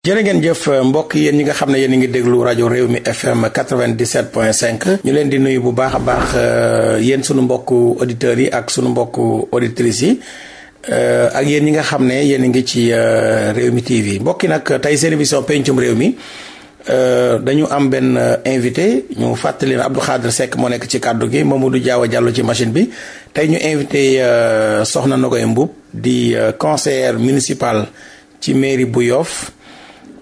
jërë jëf euh, mbokk yéen ñi nga xam ne yéen a ngi déglu rajo réew mi FM 97.5 ñu leen di nuyu bu baax a baax euh, yéen sunu mbokku auditeurs yi ak sunu mbokku auditrices yi euh, ak yéen ñi nga xam ne yéen a ngi ci réew mi TV mbokk yi nag tey seen émission pencum réew mi dañu am benn invité ñu fàttali ne Abdou Khadre Seck moo nekk ci kàddu gi moom Mamadou Diawa jàll ci machine bi tey ñu invité Soxna Nogoy Mbuub di conseillère municipale ci mairie bu yoof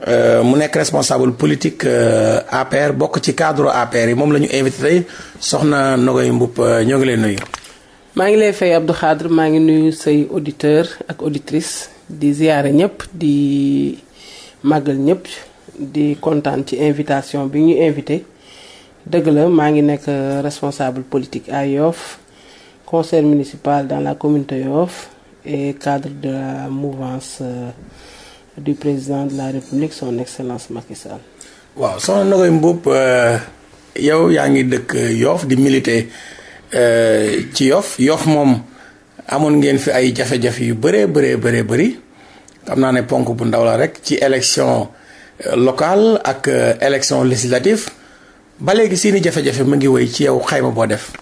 Euh, mu nekk responsable politique euh, APR bokk ci cadre APR yi moom la ñu invité tey soxna Nogaye Mboup euh, ñoo ngi lay nuyu. maa ngi lay fay Abdou Khadre maa ngi nuyu say auditeur ak auditrice di ziyaare ñëpp di màggal ñëpp di kontaan ci invitation bi ñu invité dëgg la maa ngi nekk responsable politique à Yoff conseil municipal dans la commune de Yoff et cadre de la mouvance. du président de la république son excellence Macky Sall. waaw soxna Nogaye Mboup euh, yow yaa ngi dëkk Yoff di militer euh, ci yoof Yoff moom amoon ngeen fi ay jafe-jafe yu bëree bëree bëree bëri xam naa ne ponk bu ndaw la rek ci élection euh, locale ak élection législative ba léegi seeni jafe-jafe mu ngi woy ci yow xayma boo def.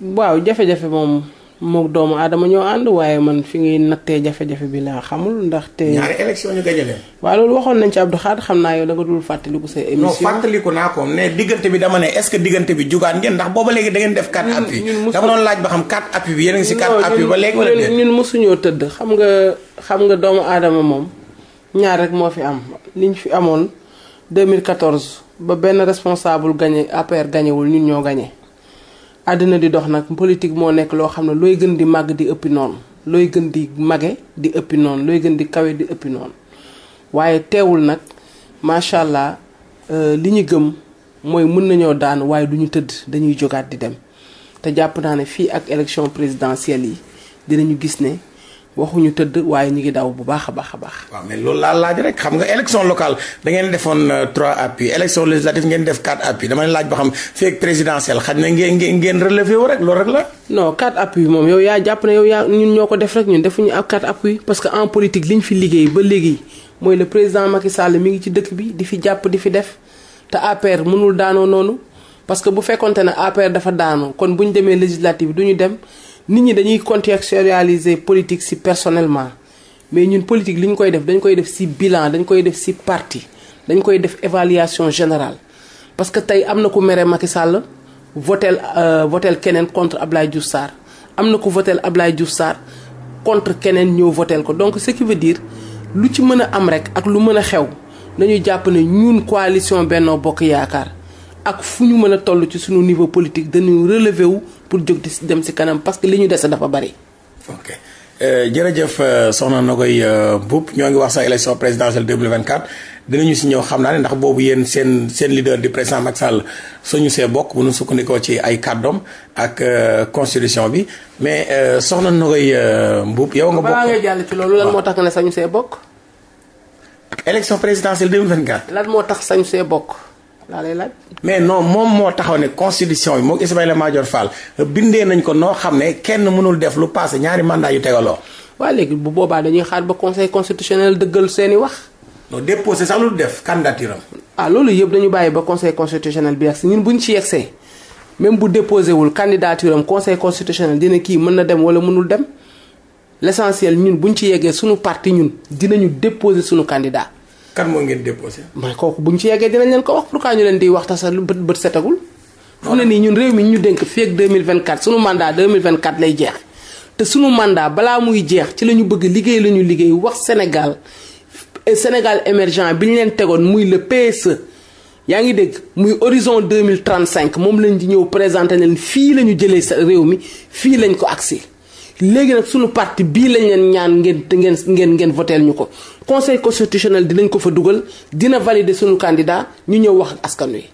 waaw jafe-jafe moom. moog doomu aadama ñoo ànd waaye man fi ngay nattee jafe-jafe bi laa xamul ndaxte. ñaari élection ñu gagné leen. waaw loolu waxoon nañ ci Abdou Khadre xam naa yow da dul fàttaliku sa émission. non fàttaliku naa ko ne diggante bi dama ne est-ce que diggante bi jugaat ngeen ndax booba léegi da ngeen def. quatre appui dama doon laaj ba xam quatre appui bi yéen a ñun mosuñoo tëdd xam nga xam nga doomu aadama moom ñaar rek moo fi am liñ fi amoon 2014 ba benn responsable gagné APR gagné ñun ñoo gañe àddina di dox nag politique moo nekk loo xam ne looy gën di màgg di ëppi noonu looy gën di mage di ëppi noonu looy gën di kawe di ëppi noonu waaye teewul nag macha allah euh, li ñu gëm mooy mën nañoo daan waaye du ñu tëdd dañuy jógaat di dem te jàpp naa ne fii ak élection présidentielle yi dinañu gis ne waxuñu tëdd waaye ñu ngi daw bu baax a baax a baax. waaw mais loolu laa laaj rek xam nga élection locale da ngeen defoon euh, trois appui élection ngeen def quatre appui dama laaj ba xam feeg présidentielle xaj na ngeen ngeen relevé wu rek loolu rek la. non quatre appui rek ñun defuñu ab quatre appui. parce que en politique liñ fi liggéey ba léegi mooy le président Macky Sall mi ngi ci dëkk bi di fi jàpp di fi def te APR mënul daanoo noonu parce que bu fekkonte ne APR dafa daanoo kon bu demee législative du ñu dem. nit ñi dañuy contextualiser politique ci personnellement mais ñun politique li ñu koy def dañ koy def si bilan dañ koy def si parti dañ koy def évaluation général parce que tey am na ku mere Macky Sall votel euh, votel keneen contre Ablaye Diouf Sarr am na ku votel Ablaye Diouf Sarr contre keneen ñëw votel ko donc ce qui veut dire lu ci mën a am rek ak lu mën a xew nañu jàpp ne ñun coalition Benno Bokk Yaakaar ak fu ñu mën a toll ci suñu niveau politique dañu relever wu pour jóg di dem si kanam parce que li ñu dese dafa bari. ok euh, jërëjëf euh, soxna Nogaye euh, Mboup ñoo ngi wax sax élection présidentielle 2024 dinañu si ñëw xam naa ne ndax boobu yéen seen seen leader di président Macky Sall suñu see bokk bu ñu sukkandikoo ci ay kàddoom ak constitution bi mais soxna Nogaye Mboup yow nga bokk balaa ngay jàll ci loolu lan moo tax nga ne sañu see bokk. élection présidentielle 2024. lan moo tax sañu see bokk. laa lay mais non moom moo taxaw ne constitution bi moog Ismaïla Madior Fall bindee nañ ko noo xam ne kenn mënul def lu passé ñaari mandat yu tegaloo. waaw léegi bu boobaa dañuy xaar ba conseil constitutionnel dëggal seeni wax. non déposé sax lu def candidature ah loolu yëpp dañu bàyyi ba conseil constitutionnel bi yegsi ñun bu ñu ci yegsee même bu déposé wul candidature am conseil constitutionnel dina kii mën na dem wala mënul dem l' ñun bu ñu ci yeggee suñu parti ñun dinañu déposé suñu candidat. kan moo ngeen déposé. mais kooku bu ñu ci yeggee dinañ leen ko wax pourquoi ñu leen di wax tasa lu bët bët setagul. fu ne nii ñun réew mi ñu dénk feeg 2024 sunu mandat 2024 lay jeex te sunu mandat balaa muy jeex ci la ñu bëgg liggéey la ñu liggéey wax Sénégal Sénégal émergent bi ñu leen tegoon muy le PSE. yaa ngi dégg muy horizon 2035 moom lañ di ñëw présenté leen fii la ñu jëlee sa réew mi fii lañ ko si léegi nag suñu parti bii lañ leen ñaan ngeen ngeen ngeen ngeen voteel ñu ko conseil constitutionnel dinañ ko fa dugal dina valider suñu candidat ñu ñëw wax ak askan wi.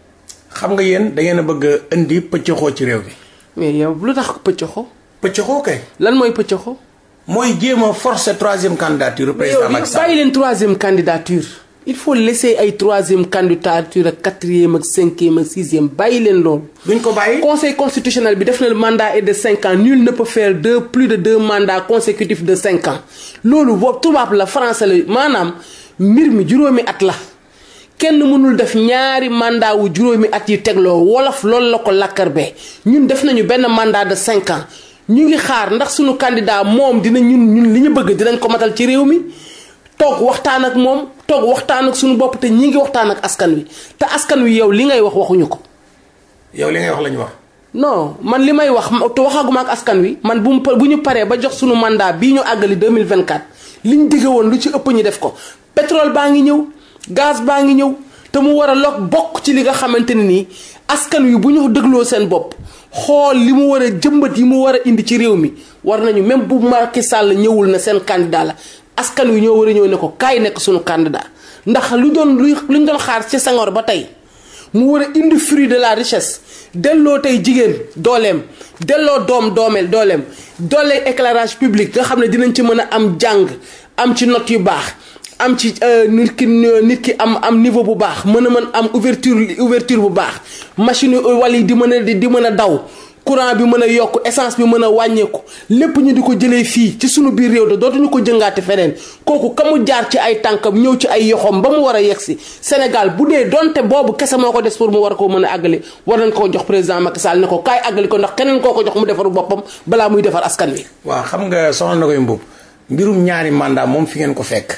xam nga yéen da ngeen a bëgg indi pëccëxoo ci réew mi. mais yow lu tax pëccëxoo. pëccëxoo kay. lan mooy pëccëxoo. mooy jéem a forcer troisième candidature. président yow bàyyi leen troisième candidature. il faut laisser ay troisième candidature ak quatrième ak cinquième ak sixième bàyyi leen loolu. duñ ko bàyyi conseil constitutionnel bi def na mandat est de cinq ans nul ne peut faire plus de deux mandats consécutifs de cinq ans loolu boobu tubaab la français la maanaam mbir mi juróomi at la kenn mënul def ñaari mandat wu juróomi at yi tegloo wolof lool la ko lakkar bee ñun def nañu benn mandat de cinq ans ñu ngi xaar ndax suñu candidat moom dina ñun ñun li ñu bëgg dinañ ko matal ci réew mi. toog waxtaan ak moom toog waxtaan ak suñu bopp te ñi ngi waxtaan ak askan wi te askan wi yow li ngay wax waxuñu ko. yow li ngay wax lañu wax. non man li may wax te waxaguma ak askan wi man bu mu bu ñu paree ba jox suñu mandat bii ñu àggali li ñu digge woon lu ci ëpp ñu def ko pétrole baa ngi ñëw gaz baa ngi ñëw te mu war a lokk bokk ci li nga xamante ne nii askan wi bu ñu dégloo seen bopp xool li mu war a jëmbat yi mu war a indi ci réew mi war nañu même bu Macky Sall ñëwul na seen candidat askan wi ñoo war a ñëw ne ko kay nekk suñu candidat ndax lu doon lu luñ doon xaar ci Senghor ba tey mu war a indi fruit de la richesse delloo tey jigéen dooleem delloo doom doomeel dooleem doolee éclairage publique nga xam ne dinañ ci mën a am jàng am ci not yu baax am ci euh, nit ki nit ki am am niveau bu baax mën a mën am ouverture ouverture bu baax machine wàll yi di mën a di mën a daw courant bi mën a yokk essance bi mën a wàññeeku lépp ñu di ko jële fii ci sunu biir réew da dootuñu ko jëngaate feneen kooku ka mu jaar ci ay tànkam ñëw ci ay yoxoom ba mu war a yegg si Sénégal bu dee donte boobu kese moo ko des pour mu war a ko mën a àggali war nañ koo jox président Macky Sall ne ko kaay àggali ko ndax keneen koo ko jox mu defaru boppam balaa muy defar askan wi. waa xam nga soxna na koy mbub mbirum ñaari mandat moom fi ngeen ko fekk.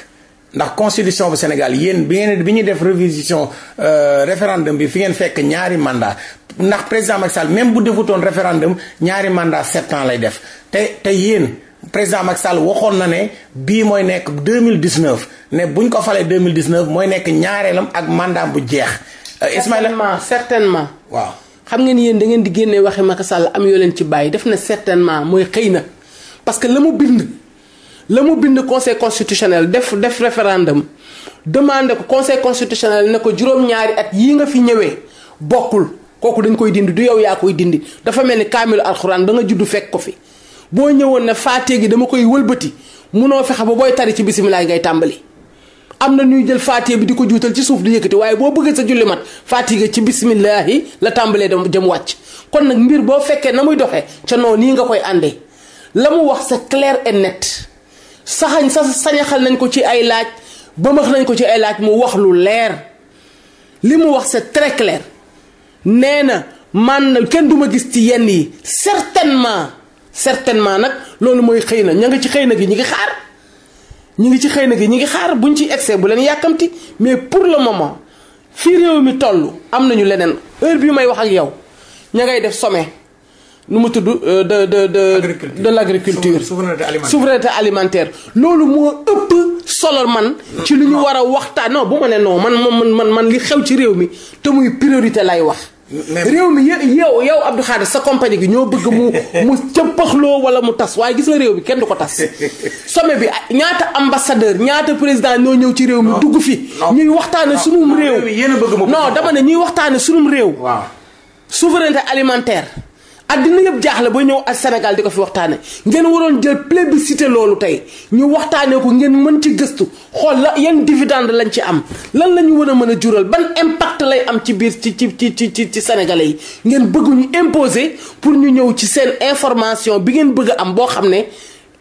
ndax constitution bu Sénégal yéen bi ngeen bi ñuy def révision euh, référendum bi fi ngeen fekk ñaari mandat ndax président Macky Sall même bu defutoon référendum ñaari mandat sept ans lay def te te yéen président Macky Sall waxoon na ne bii mooy nekk mille 2019 ne buñ ko falee 2019 mooy nekk ñaareelam ak mandat bu jeex. Euh, Ismaïla certainement certainement. waaw xam ngeen yéen da ngeen di génne waxi Macky Sall am yoo leen ci bàyyi def na certainement mooy xëy na la mu bind conseil constitutionnel def def référendum demandé ko conseil constitutionnel ne ko juróom-ñaari at yi nga fi ñëwee bokkul kooku dañ koy dindi du yow yaa koy dindi dafa mel ni kaamilu alxuraan da nga juddu fekk ko fi boo ñëwoon ne faatee gi dama koy wëlbati munoo fexe ba booy tari ci bisimilah ngay tàmbali. am na ñuy jël faatee bi di ko juutal ci suuf di yëkkati waaye boo bëggee sa julli mat faatee gi ci bisimilahi la tàmbalee dem jëm wàcc kon nag mbir boo fekkee na muy doxee ca noonu nii nga koy àndee la mu wax c'est clair et saxañ sa sañaxal nañ ko ci ay laaj bëmëx nañ ko ci ay laaj mu wax lu leer li mu wax c'est très clair nee na man kenn du ma gis ci yenn yi certainement certainement nag loolu mooy xëy na ña ngi ci xëy na gi ñi ngi xaar ñi ngi ci xëy na gi ñi ngi xaar buñ ci excès bu leen yàkkamti mais pour le moment fii réew mi toll am nañu leneen heure bi may wax ak yow ña ngay def some nu mu tudd euh, de de de. de l' agriculture souveraineté alimentaire souveraineté alimentaire loolu moo ëpp solo man. ci lu ñu war a waxtaan non bu ma ne non man man man man li xew ci réew mi te muy priorité lay wax. réew mi yow yow Abdou Khadre sa compagnie gi ñoo bëgg mu mu cëppaxloo wala mu tas waaye gis nga réew mi kenn du ko tas sommet bi ah, ñaata ambassadeur ñaata président ñoo ñëw ci réew mi dugg fi ñuy waxtaane sunum réew non dama ne ñuy waxtaane sunum réew souveraineté alimentaire àddina yëpp jaaxle ba ñëw ak Sénégal di ko fi waxtaane ngeen waroon jël plébiscité loolu tey ñu waxtaanee ko ngeen mën ci gëstu xool la yan dividende lañ ci am lan la ñu war a mën a jural ban impact lay am ci biir ci ci ci ci ci Sénégalais yi ngeen bëgguñu imposé pour ñu ñëw ci seen information bi ngeen bëgg a am boo xam ne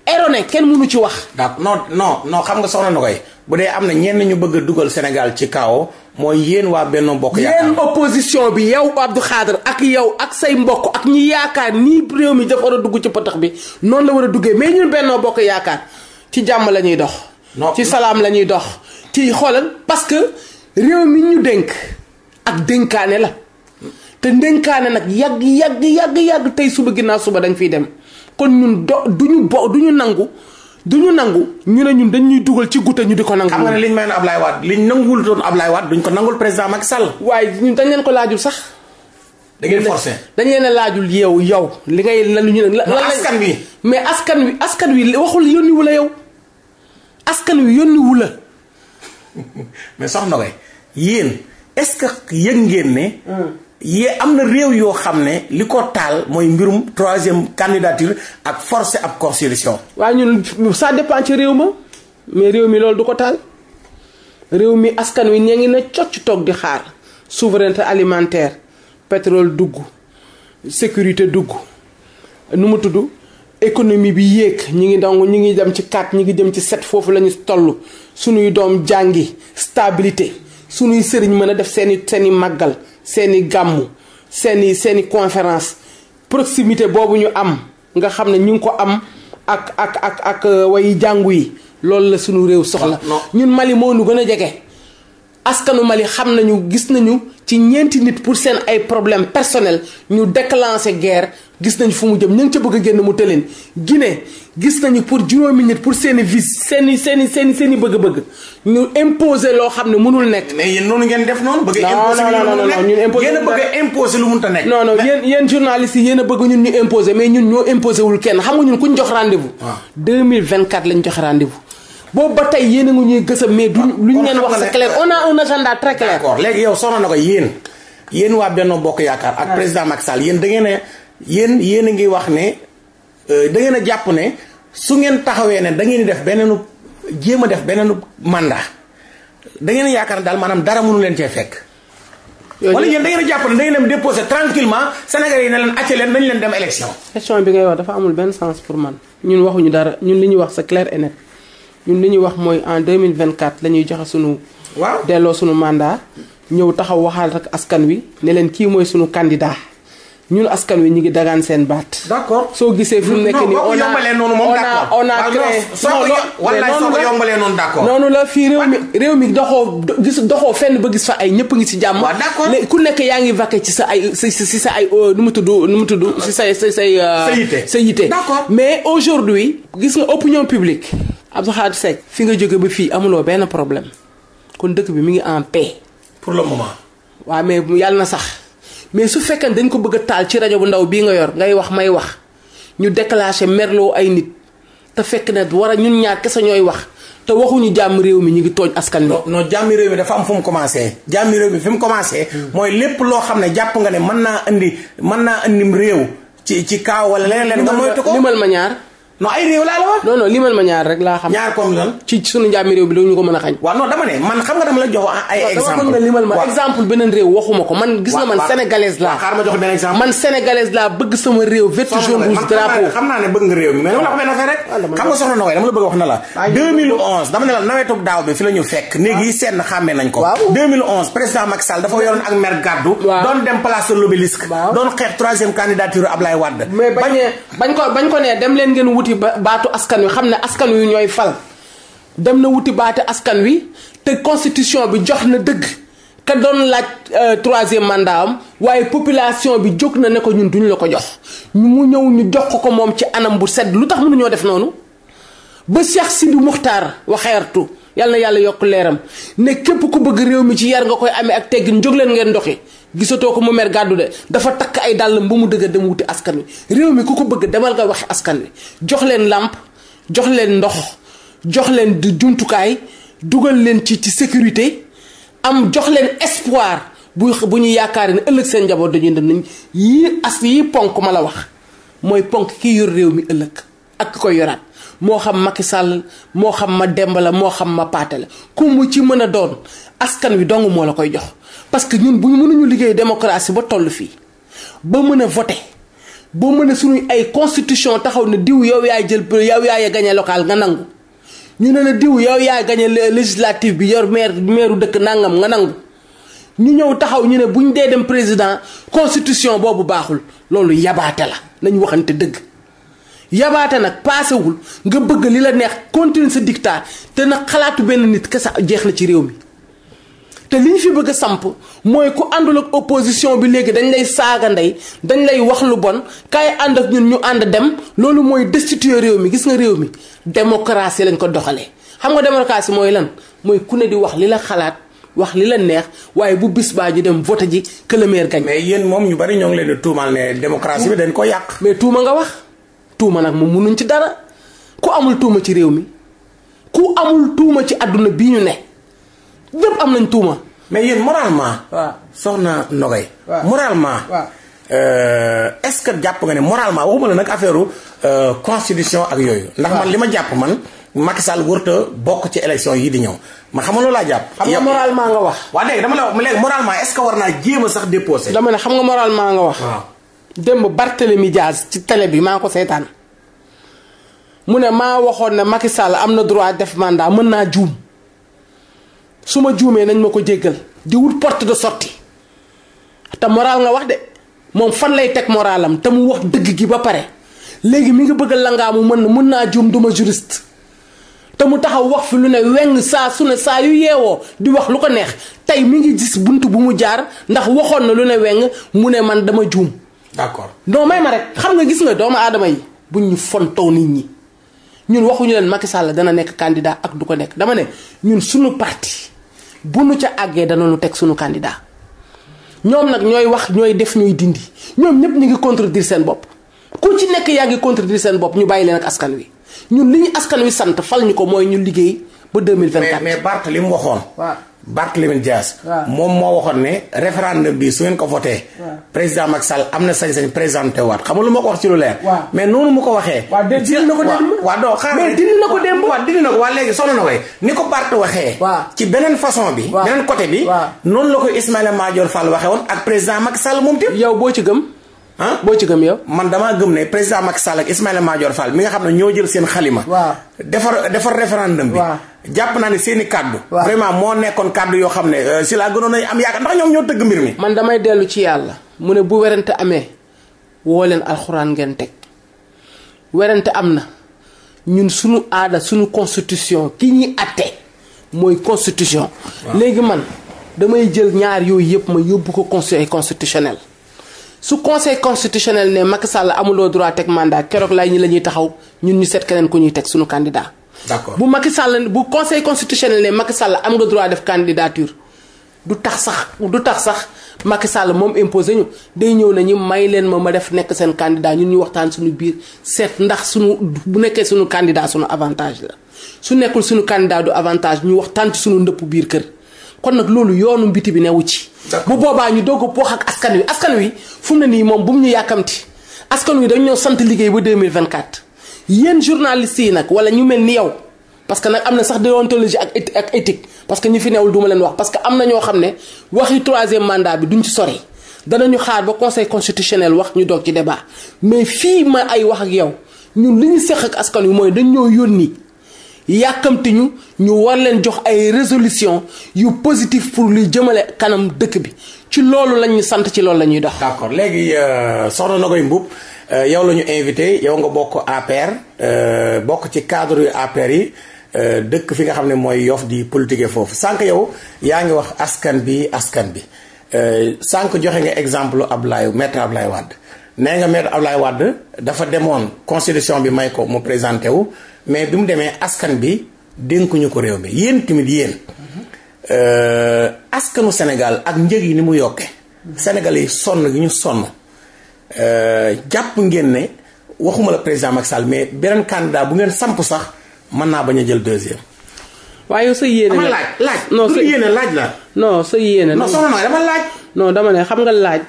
erroné kenn mënu ci wax. d'accord non non non xam nga soxna koy bu dee am na ñenn ñu bëgg a dugal Sénégal ci kaaw mooy yéen waa Benno Bokk Yaakaar. yéen opposition bi yow Abdou Khadre ak yow ak say mbokk ak ñi yaakaar nii réew mi dafa war a dugg ci pëtax bi noonu la war a duggee mais ñun Benno Bokk Yaakaar ci jàmm la ñuy dox. ci salaam la ñuy dox. ci xoolal parce que réew mi ñu dénk ak dénkaane la te dénkaane nag yàgg yàgg yàgg yàgg tey suba ginnaaw suba dañ fiy dem. kon ñun do du ñu bo du ñu nangu du ñu nangu ñu ne ñun dañuy dugal ci gudde ñu di ko nangu. xam nga ne liñ mayoon Ablaye Wade liñ nanguwul doon Ablaye Wade duñ ko nangul président ak Sall. waaye ñun dañ leen ko laajul sax. da ngeen forcé dañ leen laajul yow yow li ngay lan ñu la askan wi mais askan wi askan wi waxul yónni wu yow askan wi yónni la. mais soxna Ngoye yéen est-ce que yëg ngeen yee am na réew yoo xam ne li ko taal mooy mbirum troisième candidature ak forcer ab constitution. waaw ñun ça dépend ci réew ma mais réew mi loolu du ko taal réew mi askan wi ña ngi na cocc toog di xaar souveraineté alimentaire pétrole dugg sécurité dugg nu mu tudd économie bi yéeg ñi ngi dong ñi ngi dem ci quatre ñi ngi dem ci sept foofu la ñu toll suñuy doom jàngi stabilité suñuy sëriñ mën a def seeni seeni màggal. seeni i gàmmu seen i seen i conférence proximité boobu ñu am nga xam ne ñu ngi ko am ak ak ak ak euh, way jàngu yi loolu la sunu réew soxla ah, ñun Mali moo nu gën a jege askanu Mali xam nañu gis nañu ci ñeenti nit pour seen ay problème personnel ñu déclenché guerre gis nañu fu mu jëm ñu ngi ca bëgg a génn mu tëleen Guinée gis nañu pour pour seen i vis seen i i seen i seen i bëgg-bëgg ñu imposer loo ne mënul nekk. mais yéen noonu ngeen def noonu. bëgg a imposer lu bëgg a nekk. non non yéen yi yéen bëgg ñun ñu imposer mais ñun ñoo imposer wul kenn xam nga ñun ku ñu jox rendez vous. waaw 2024 lañ joxe rendez vous. boobu ba tey yéen a ngi ñuy gësam mais duñ ah, ñu leen wax c'est clair euh, on a un agenda très clair. na ko yéen yéen waa Benno Bokk Yaakaar ak président Macky Sall yéen da ngeen yéen yéen a ngi wax ne euh, da ngeen a jàpp ne su ngeen taxawee ne da ngeen di def beneenu jéem a def beneenu mandat da ngeen yaakaar ne daal maanaam dara mënu leen cee fekk. wala yéen da ngeen a jàpp ne da ngeen dem déposé tranquillement Sénégalais yi ne leen acce leen nañ leen dem élection. question bi ngay wax dafa amul benn sens pour man ñun waxuñu dara ñun li ñuy wax sa clair et ñun li ñuy wax mooy en 2024 la ñuy joxe sunu. waaw delloo sunu mandat. ñëw taxaw waxaat ak askan wi ne leen kii mooy sunu candidat. ñun askan wi ñu ngi dagaan seen baat. d' soo gisee fu mu nekk nii. on a on a on a créé. soo ko yombalee noonu d' accord noonu la fii réew mi réew mi doxoo fenn ba gis fa ay ñëpp ngi ci jàmm. waaw d' ku nekk yaa ngi vaqué ci sa ay si si sa ay euh, nu mu tudd nu mu tudd si say say say. Euh, sa yite d' accord mais aujourd'hui gis nga opinion publique Abdou Khadre Seck fi nga jóge ba fii amuloo benn problème kon dëkk bi mi ngi en paix. pour le moment. waa mais yàlla na sax. mais su fekkee dañ ko bëgg a taal ci rajo bu ndaw bii nga yor ngay wax may wax ñu déclenché merloo ay nit te fekk na war a ñun ñaar kese ñooy wax te waxuñu jàmm réew mi ñu ngi tooñ askan wi. non jàmmi réew mi dafa am fu mu commencé jàmmi réew mi fi mu commencé. Mm. mooy lépp loo xam ne jàpp nga ne mën naa indi mën naa andim réew. ci ci kaaw wala leneen leneen nga moytu ko limal ma ñaar. non limal ma ñaar rek laa xam. a nga dama la jox dama la bëgg wax na la. 2011 dama ne la nawetu daaw bi fi la fekk. Ah. néeg yi seen xàmmee nañ ko. 2011 président Macky Sall dafa yoroon ak maire gàddu. doon dem place de doon xeex troisième candidature Ablaye Wade. mais bañ ko bañ ko ne dem leen ngeen wut wuti baatu askan wi xam ne askan wi ñooy fal dem na wuti baatu askan wi te constitution bi jox na dëgg ka doon laaj euh, troisième mandat am waaye population bi jóg na ne ko ñun duñ la ko jox ñu mu ñëw ñu jox ko ko moom ci anam bu sedd lu tax mënuñoo def noonu ba Cheikh Sidi Muxtaar waxeertu yàlla yàlla yokk leeram ne képp ku bëgg réew mi ci yar nga koy amee ak teggi jóg leen ngeen doxi gisatoo ko mu mer gàddu de dafa takk ay dàll ba mu dëgër dem wuti askan wi réew mi ku ko bëgg demal nga waxi askan wi jox leen làmp jox leen ndox jox leen di jumtukaay dugal leen ci ci sécurité am jox leen espoir bu bu ñu yaakaar ne ëllëg seen njaboot dañuy dem nañ yii as yii ponk ma la wax mooy ponk kii yor réew mi ëllëg ak ki koy yoraat moo xam Macky Sall moo xam ma Demba la moo xam ma Paate la ku mu ci mën a doon askan wi dong moo la koy jox. parce que ñun bu ñu mënuñu liggéey démocratie ba toll fii ba mën a voté ba mën a suñu ay constitution taxaw na diw yow yaay jël yow yaay gañe local nga nangu. ñu ne la diw yow yaay gañe législative bi yor maire maire dëkk nangam nga nangu ñu ñëw taxaw ñu ne bu ñu dee dem président constitution boobu baaxul loolu yabaate la nañu waxante dëgg. yabaate nag paasewul nga bëgg li la neex continuer sa dictat te na xalaatu benn nit kesa jeex na ci réew mi te li ñu fi bëgg a samp mooy ku àndul ak opposition bi léegi dañ lay saaga ndey dañ lay wax lu bon kaay ànd ak ñun ñu ànd dem loolu mooy destituer réew mi gis nga réew mi démocratie lañ ko doxalee. xam nga démocratie mooy lan mooy ku ne di wax li la xalaat wax li la neex waaye bu bis baa ñu dem vote ji que le mais yéen moom ñu bari ñoo ngi leen di tuumaal ne dañ ko yàq. mais tuuma nga wax. tuuma nag moom munuñ ci dara ku amul tuuma ci réew mi ku amul tuuma ci àdduna bii ñu ne ñëpp am nañ tuuma. mais yéen moralement. waaw soxna Nogay. waaw moralement. waaw euh, est-ce jàpp nga ne moralement waxuma la nag affaire euh, constitution ak yooyu. ndax man li ma jàpp man. Macky Sall warut a bokk ci élection yi ñëw ma xam nga laa jàpp. xam nga moralement nga wax. waa léegi dama la wax léegi moralement war naa a sax déposé. dama ne xam nga moralement nga wax. waaw démb Barthélemy Diaz ci tele bi maa ko seytaan mu ne maa waxoon ne Macky am na droit def mandat mën naa juum su ma juumee nañ ma ko jéggal di wut porte de sortie te moral nga wax de moom fan lay teg moralam te mu wax dëgg gi ba pare léegi mi ngi bëgg langaamu mën mën naa juum duma jurist te mu taxaw wax fi lu ne weng saa su ne saa yu yeewoo di wax lu ko neex tey mi ngi gis bunt bi mu jaar ndax waxoon na lu ne weng mu ne man dama juum d'accord non may ma rek xam nga gis nga doomu aadama yi buñ ñu fontoo nit ñi ñun waxuñu leen Macky Sall dana nekk candidat ak du ko nekk dama ne ñun suñu parti bu nu ca àggee nu teg suñu candidat ñoom nag ñooy wax ñooy def ñuy dindi ñoom ñëpp ñu ngi contredire seen bopp ku ci nekk yaa ngi contredire seen bopp ñu bàyyi leen ak askan wi ñun li ñu askan wi sant fal ñu ko mooy ñu liggéey ba 2024. mais mais Barth li mu waxoon. Barthélémy Dias moom moo waxoon ne référendum bi su ngeen ko voté président Macky Sall am na sañ-sañ présenté waat xam nga lu ma ko wax ci lu leer mais noonu mu ko waxee waaw dindi na ko démb waaw doo xaar dindi na ko démb waaw dindi na léegi sonn na koy ni ko Bart waxee ci beneen façon bi beneen côté bi noonu la ko Ismaïla Madior Fall waxee woon ak président Macky Sall moom tamit yow boo ci gëm ah boo ci gëm yow. man damaa gëm ne président Macky Sall ak Ismaïla Fall mi nga xam ne ñoo jël seen xalima. waaw defar defar référendum bi. jàpp naa ne seen i kàddu. vraiment moo nekkoon kàddu yoo xam ne euh, si laa gënoon am yaakaar ndax ñoom ñoo tëgg mbir mi. man damay dellu ci yàlla mu ne bu werante amee woo leen alxuraan ngeen teg werante am na ñun suñu aada suñu constitution ki ñuy atte mooy constitution. léegi man damay jël ñaar yooyu yëpp ma yóbbu ko conseil constitutionnel. su conseil constitutionnel ne Macky Sall amuloo droit teg mandat keroog laay ñi la ñuy taxaw ñun ñu seet keneen ku ñuy teg suñu candidat. d'accord bu Macky Sall bu conseil constitutionnel ne Macky Sall am nga droit def candidature du tax sax du tax sax Macky Sall moom imposé ñu day ñëw nañu may leen ma ma def nekk seen candidat ñun ñu waxtaan suñu biir seet ndax suñu bu nekkee suñu candidat suñu avantage la su nekkul suñu candidat du avantage ñu waxtaan ci suñu ndëpp biir kër. kon nag loolu yoonu mbiti bi newu ci bu boobaa ñu doog a wax ak askan wi askan wi fu mu ne nii moom bu mu ñu yàkkamti askan wi dañ ñoo sant liggéey ba vingt 2024 yéen journalistes yi nag wala ñu mel ni yow parce que nag am na sax déontologie ak ak éthique parce que ñu fi newul duma leen wax parce que am na ñoo xam ne waxi troisième mandat bi duñ ci sori ñu xaar ba conseil constitutionnel wax ñu doog ci débat mais fii ma ay wax ak yow ñun li ñu seq askan wi mooy dañ ñoo yónni yàkkamti ñu ñu war leen jox ay résolution yu positif pour luy jëmale kanam dëkk bi ci loolu lañ sant ci loolu la ñuy dox. d'accord léegi euh, soxna Nogaye Mboup euh, yow la ñu invité yow nga bokk APR euh, bokk ci cadre yu APR yi. dëkk fi nga xam ne mooy Yoff di politique foofu sànq yow yaa ngi wax askan bi askan bi sànq joxe nga exemple Ablaye maître Ablaye Wade nee nga maître Ablaye Wade dafa demoon constitution bi may ko mu présenté wu mais bi mu demee askan bi dénkuñu ko réew mi yéen tamit yéen euh, askanu Sénégal ak njëg yi ni mu yokke Sénégalais yi sonn gi ñu sonn euh, jàpp ngeen ne waxuma la président Macky mais beneen candidat bu ngeen samp sax mën naa bañ a jël deuxième. waaye sa yéene laaj laaj. non sa yéene laaj la. non dama laaj. non dama ne xam nga laaj.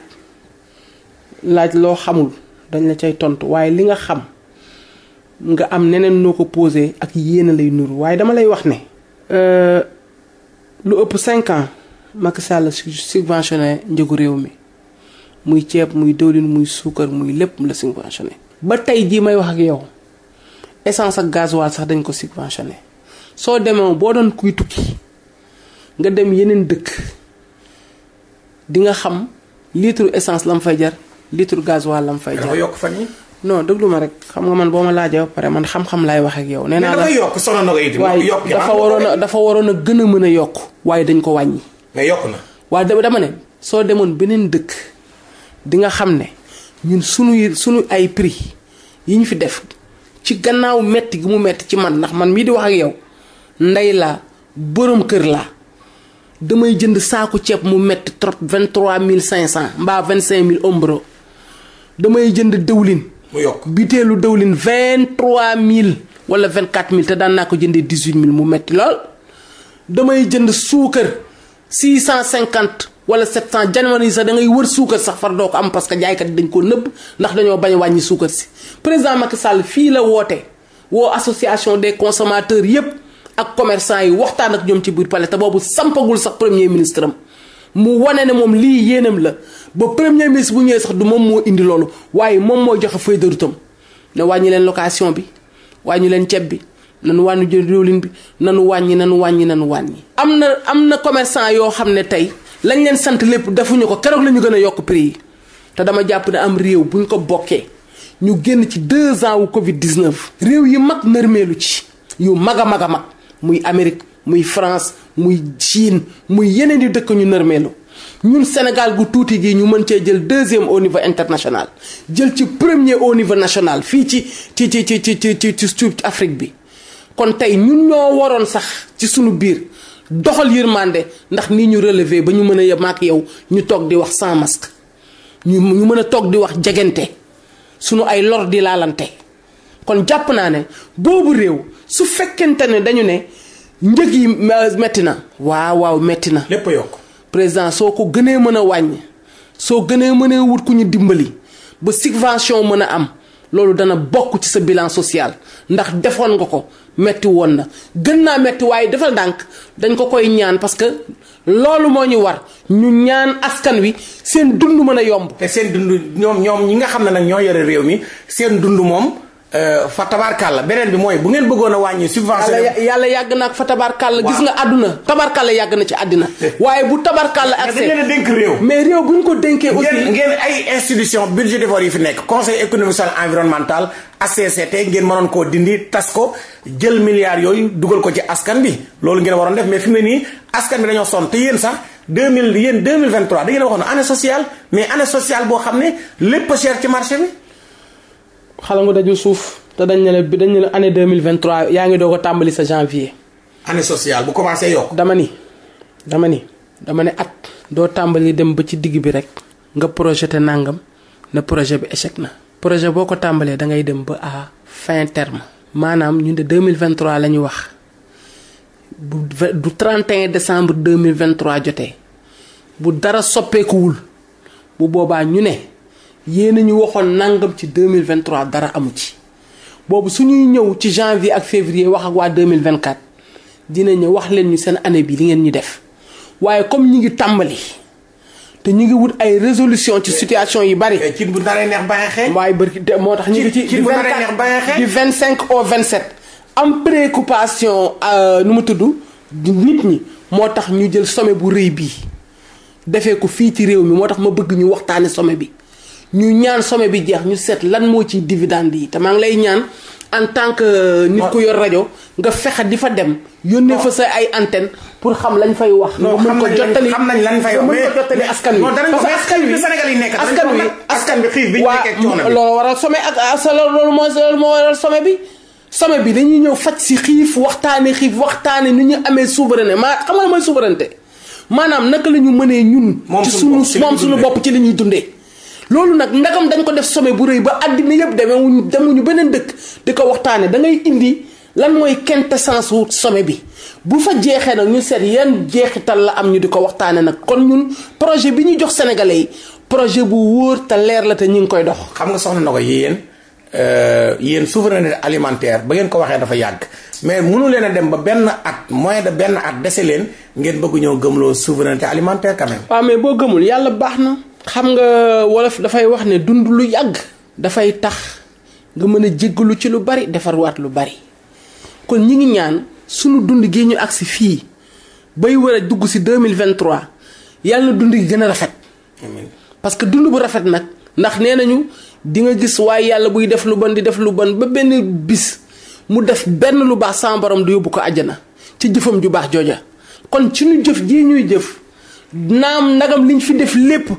laaj loo xamul dañ la cay tontu waaye li nga xam nga am neneen noo ko posé ak yéen lay nuru waaye dama lay wax ne. Euh, lu ëpp cinq ans Macky Sall subventionné njëgu réew mi muy ceeb muy diwlin muy suukar muy lépp la subventionné. ba tey jii may wax ak yow essence ak gasoil sax dañ ko subventionné soo demee boo doon kuy tukki nga dem yeneen dëkk di nga xam litre essence la mu fay jar. litre gasoil wàlla mu fay. dafa yokk fan yi non déglu ma rek xam nga man boo ma laajee ba pare man xam-xam laay wax ak yow. nee naa la yokk sonal na ko it. yokk dafa waroon a dafa waroon a gën a mën a yokk. waaye dañ ko wàññi. mais yokk na. waaye dama ne soo demoon beneen dëkk dinga xam ne ñun suñuy suñu ay prix yi ñu fi def ci gannaaw metti gi mu metti ci man ndax man mii di wax ak yow ndey laa borom kër laa damay jënd saako ceeb mu metti trop vingt trois mille cinq cent mbaa vingt cinq mille euros damay jënd dëwlin. mu yokk biteelu dëwlin vingt trois mille wala vingt quatre mille te daan naa ko jëndee dix huit mille mu metti lool. damay jënd suukar six cent cinquante wala sept cent janvier sax da ngay wër suukar sax far doo ko am parce que jaaykat dañ ko nëbb ndax dañoo bañ wàññi suukar si président Macky Sall fii la woote woo association des consommateurs yépp ak commerçant yi waxtaan ak ñoom ci biir palais te boobu sampagul sax premier ministre am. mu wane ne moom lii yéenam la ba premier ministre bu ñëwee sax du moom moo indi loolu waaye moom moo joxe feuille de ne wàññi leen location bi wàññi leen ceeb bi nanu wàññi jël diwlin bi nanu wàññi nanu wàññi nanu wàññi. am na am na commerçant yoo xam ne tey lañ leen sant lépp defuñu ko keroog la ñu gën a yokk prix yi te dama jàpp ne am réew buñ ko bokkee ñu génn ci deux ans wu Covid 19. réew yi mag nërmeelu ci yu mag a mag a mag muy Amérique muy France. muy Chine muy yeneen di dëkk ñu nërmeelu ñun Sénégal gu tuuti gi ñu mën cee jël deuxième au niveau international jël ci premier au niveau national fii ci ci ci ci ci ci ci Afrique bi kon tey ñun ñoo waroon sax ci suñu biir doxal yërmande ndax nii ñu relever ba ñu mën a yem ak yow ñu toog di wax sans masque ñu ñu mën a toog di wax jegante suñu ay lor di laalante kon jàpp naa ne boobu réew su fekkente ne dañu ne. njëg yi métti na. waaw waaw métti na. lépp yokk président soo ko gënee mën a wàññi soo gënee mënee wut ku ñu dimbali ba subvention mën a am loolu dana bokk ci sa bilan social ndax defoon nga ko métti woon na gën naa métti waaye dafa ndànk dañ ko koy ñaan parce que loolu moo ñu war ñu ñaan askan wi seen dund mën a yomb. te seen dund ñoom ñoom ñi nga xam ne nag ñoo yore réew mi seen dund moom. Euh, fa la beneen bi mooy bu ngeen bëggoon a wàññi subvention yàlla yàgg na ak fa la gis nga àdduna tabarkàlla yàgg na ci àddina waaye bu tabarkàlla ak dañ leen mais réew bu ko dénkee aussi ngeen ay institution budgétivore yi fi nekk conseil économique social environnemental ACCT ngeen mënoon koo dindi tas ko jël milliards yooyu dugal ko ci askan bi loolu ngeen waroon def mais fi mu ne nii askan bi dañoo sonn te yéen sax 2000 yéen 2023 da ngeen waxoon année sociale mais année social boo xam ne lépp a cher ci marché bi xalangu daju suuf te dañ ne la bi dañ ne année deux mille vingt trois yaa ngi doog a tàmbali sa janvier. année sociale bu commencé yokk. dama ni dama ni dama ne at. doo tàmbali dem ba ci digg bi rek. nga projeté nangam ne projet bi échec na. projet boo ko tàmbalee da ngay dem ba à fin terme. maanaam ñun de deux mille vingt trois la ñu wax bu du 31 décembre deux mille vingt trois jotee bu dara soppeekuwul bu boobaa ñu ne. yéen ñu waxoon nangam ci 2023 dara amu ci boobu suñuy ñëw ci janvier ak février wax ak waa 2024 dinañu wax leen ñu seen année bi li ngeen ñu def waaye comme ñu ngi tàmbali te ñu ngi wut ay résolution ci situation yi bari eh, cin bu naree neex bàyyi xeeñ waaye bërki moo tax ñu ngi ci cin bu naree neex bàyyi xeeñ du 25 au 27 am préoccupation euh, nu mu tudd nit ñi moo tax ñu jël sommet bu rëy bii defee ko fii ci réew mi moo tax ma bëgg ñu waxtaane sommet bi ñu ñaan sommet bi jeex ñu seet lan moo ci dividende yi te maa ngi lay ñaan en tant que euh, nit ko yor rajo nga fexe di fa dem yónnee fa sa ay antenne pour xam lañ fay wax nga mën ko jottali xam nañ lañ fay wax mën askan wi parce que askan wi Sénégal yi nekk askan wi askan bi xiif bi nekkee coono bi loolu waral sommet ak ah, loolu moo loolu moo waral some bi sommet bi dañuy ñëw faj si xiif waxtaane xiif waxtaane ni ñu amee souveraineté maa xam nga mooy souveraineté maanaam naka la ñu mënee ñun ci sunu moom suñu bopp ci li ñuy dundee loolu nag ndagam dañ ko def sommet bu rëy ba àddina dem demewuñu ñu beneen dëkk di ko waxtaane da ngay indi lan mooy quintessence wu sommet bi bu fa jeexee nag ñu seet yan jeexital la am ñu di ko waxtaane nag kon ñun projet bi ñu jox sénégalais yi projet bu wóor te leer la te ñu ngi koy dox. xam nga soxna na ko yéen euh, yéen souveraineté alimentaire ba ngeen ko waxee dafa yàgg mais munu leen a dem ba benn at moins de benn at dese leen ngeen bëgg ñoo gëmloo souveraineté alimentaire quand même. xam nga wolof dafay wax ne dund lu yàgg dafay tax nga mën a jéggalu ci lu bari defarwaat lu bari kon ñi ngi ñaan sunu dund gi ñu agsi fii bay war a dugg si 2023 yàlla dund gi gën a rafet parce que dund bu rafet nag ndax nee nañu dinga nga gis waaye yàlla buy def lu bon di def lu bon ba benn bis mu def benn lu baax sama borom du yóbbu ko àjjana ci jëfam ju baax jooja kon ci ñu jëf gi ñuy jëf naam nagam liñ fi def lépp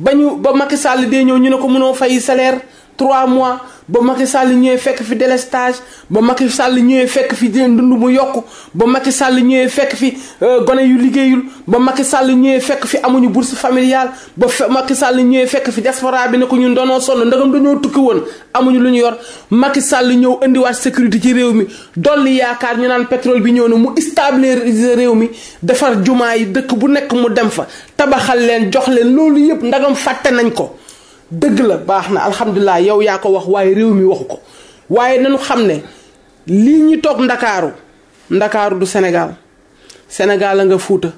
ba ñu ba Macky Sall dee ñëw ñu ne ko mënoo fay salaire trois mois ba Macky Sall ñëwee fekk fi délestage ba Macky sàll ñëwee fekk fi dina dund mu yokk ba Macky sàll ñëwee fekk fi euh, gone yu liggéeyul ba Macky Sall ñëwee fekk fi amuñu bourse familiale ba Macky Sall ñëwee fekk fi diaspora bi ne ko ñun doonoo sonn ndagam dañoo tukki woon amuñu lu ñu yor Macky Sall ñëw indiwaat sécurité ci réew mi dolli yaakaar ñu naan pétrole bi ñëw na mu stabiliser réew mi defar jumaa yi dëkk bu nekk mu dem fa tabaxal leen jox leen loolu yëpp ndagam fàtte nañ ko dëgg la baax na alhamdulilah yow yaa ko wax waaye réew mi waxu ko waaye nañu xam ne lii ñu toog ndakaaru ndakaaru du Sénégal Sénégal nga Fuuta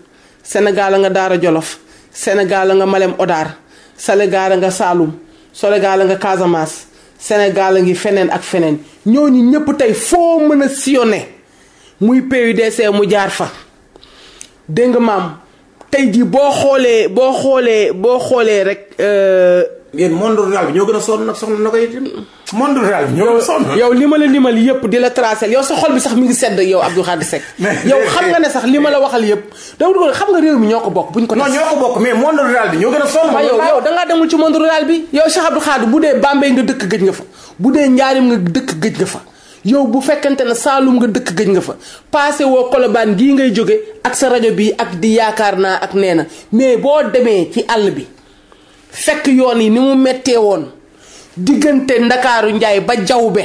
Sénégal nga Daara Jolof Sénégal a nga Malem Odar Sénégal a nga Saalum Sénégal a nga Casamance Sénégal a ngi feneen ak feneen ñooñu ñëpp tey foo mën a siyone muy PUDC mu jaar fa dégg nga maam tey jii boo xoolee boo xoolee boo xoolee rek. Euh, yéen monde rural bi ñoo gën yow li ma la limal yëpp di la tracé yow sa xol bi sax mi ngi sedd yow Abdou Khadre Seck. yow xam nga ne sax li ma la waxal yëpp. dawul ko xam nga réew mi ñoo ko bokk buñ ko. non ñoo ko bokk mais monde rural bi ñoo a bu dee Bambey nga dëkk gëj nga fa dëkk gëj nga fa. yow bu fekkente ne Saalum nga dëkk gëj nga fa passé woo Colobane gii ngay jóge ak sa rajo bi ak di yaakaar naa ak nee na mais boo demee ci àll bi fekk yoon yi ni mu méttee woon diggante ndakaaru njaay ba jawbe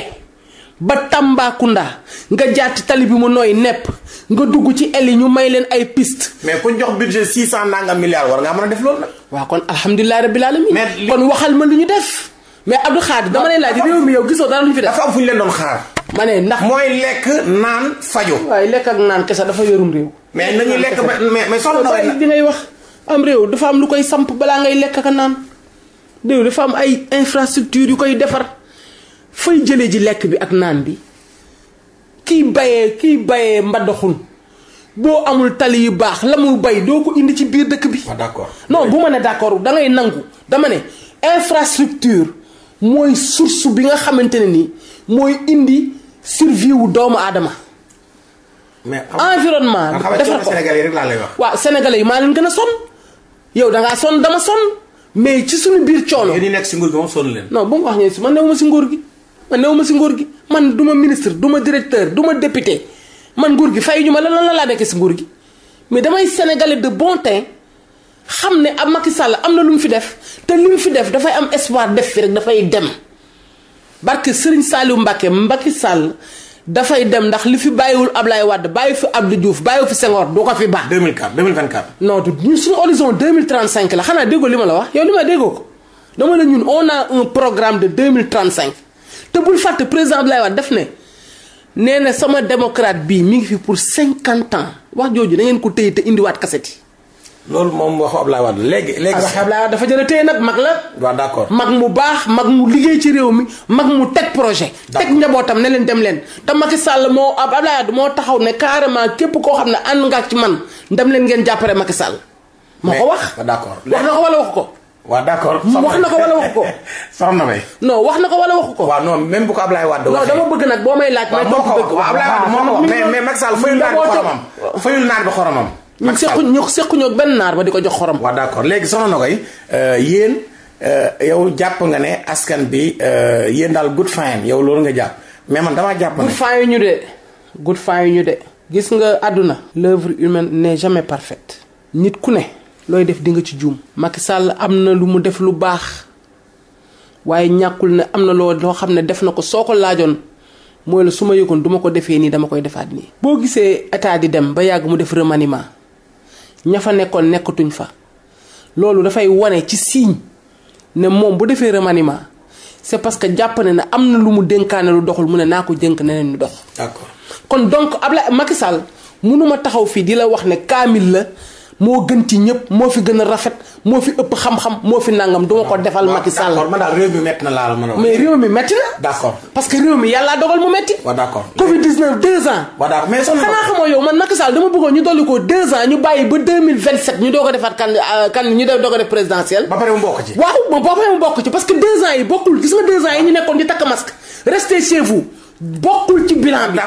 ba Tambacounda nga jaati tali bi mu nooy nepp nga dugg ci eli ñu may leen ay piste. mais ku jox budget six cent nangam milliards war ngaa mën a def lool nag. waaw kon alhamdulilah rabbil alamin kon waxal ma lu ñu def. mais Abdou Khadre dama lay laaj réew mi yow gisoo dara lu fi def. dafa am fu ñu leen doon xaar. ma ndax mooy lekk naan fajo. waaye lekk ak naan kese dafa yorum réew. mais wax. am réew dafa am lu koy samp balaa ngay lekk ka naan réew dafa am ay infrastructure yu koy defar fay jëlee ji lekk bi ak naan bi kiy bayee kiy bayee mbadoxun boo amul tali yu baax la muy bay doo ko indi ci biir dëkk bi. Ah, d'accord non bu ma ne d'accord da ngay nangu dama ne infrastructure mooy source bi nga xamante ne ni mooy indi survie wu doomu aadama. mais environnement. Ah, defar ko waaw sénégalais yi maa leen gën a sonn. yow da ngaa sonn dama sonn mais ci suñu biir coono. yéen ñi nekk si nguur gi moom sonn leen. non bu ma wax ñoom si man néew ma si nguur gi man néew ma si nguur gi man duma ma ministre du directeur duma ma man nguur gi fay ñu ma la lan la laa nekkee si nguur gi mais damay sénégalais de bon teint xam ne am Macky Sall am na lu mu fi def te lu mu fi def dafay am espoir def fi rek dafay dem barke Serigne Saliou Mbacke Macky sàll dafay dem ndax li fi bàyyiwul ab Ablaye Wade bàyyi fi Abdou Diouf bàyyi fi Senghor du ko fi baax. 2004 2024. non du ñun suñu horizon la xanaa déggoo li ma la wax yow li ma déggoo ko dama ne ñun on a un programme de 2035 te bul fàtte président lay Wade def ne nee na sama démocrate bii mi ngi fi pour 50 ans wax jooju na ngeen ko téye te indiwaat kaset yi. loolu moom waxu Ablaye Wade léegi léegi. waxi Ablaye Wade dafa jëlee téye nag mag la. waaw d'accord mag mu baax mag mu liggéey ci réew mi mag mu teg projet. teg njabootam ne leen dem leen. te Macky Sall moo ab Ablaye Wade moo taxaw ne carrément képp koo xam ne ànd nga ci man dem leen ngeen jàppale Macky Sall. moo ko wax d'accord wax na ko wala waxu ko. waaw d'accord wax na ko wala waxu ko. soxna May. non wax na ko wala waxu ko. waa non même bu ko Ablaye Wade waxee. non dama bëgg nag boo may laaj. waaw moo ko wax waaw Ablaye Wade moo ko wax mais mais Macky Sall fayul naan bi xoromam ñun sequñ ñu sequñoo benn di ko jox xorom. waaw d'accord léegi soxna Nogaye euh, yéen euh, yow jàpp nga ne askan bi euh, yéen daal good fine yow loolu nga jàpp mais man damaa jàpp ne. good ñu de good fine yu ñu de. gis nga àdduna. l'œuvre humaine n'est jamais nit ku ne looy def di nga ci juum. Macky sàll am na lu mu def lu baax waaye ñàkkul ne am na loo loo xam ne def na ko soo ko laajoon. mooy la su ma yëgoon du ma ko defee nii dama koy defaat nii. boo gisee état di dem ba yàgg mu def remaniement ña fa nekkoon nekkatuñ fa loolu dafay wane ci signe ne moom bu defee remaniement c'est parce que jàpp ne am na lu mu dénkaane lu doxul mu ne naa ko jënk neneen ñu dox. d'accord kon donc Ablaye Macky Sall mënuma taxaw fii di la wax ne kaamil la. moo gën ci ñëpp moo fi gën a rafet moo fi ëpp xam-xam moo fi nangam duma ko defal Macky Sall. d'accord man daal na la mën a. mais réew mi métti na. d'accord parce que réew mi yàlla dogal mu métti. waaw d'accord Covid deux ans. xanaa xamoo yow man Macky Sall dama bëggoon ñu dolli ko deux ans ñu bàyyi ba deux mille vingt sept ñu doog a defaat kan euh, kan ñu doog a def présidentielle. ba pare mu bokk ci. waaw ba pare mu bokk ci parce que deux ans yi bokkul gis nga deux ans yi ñu nekkoon di bokkul ci bilan bi. d'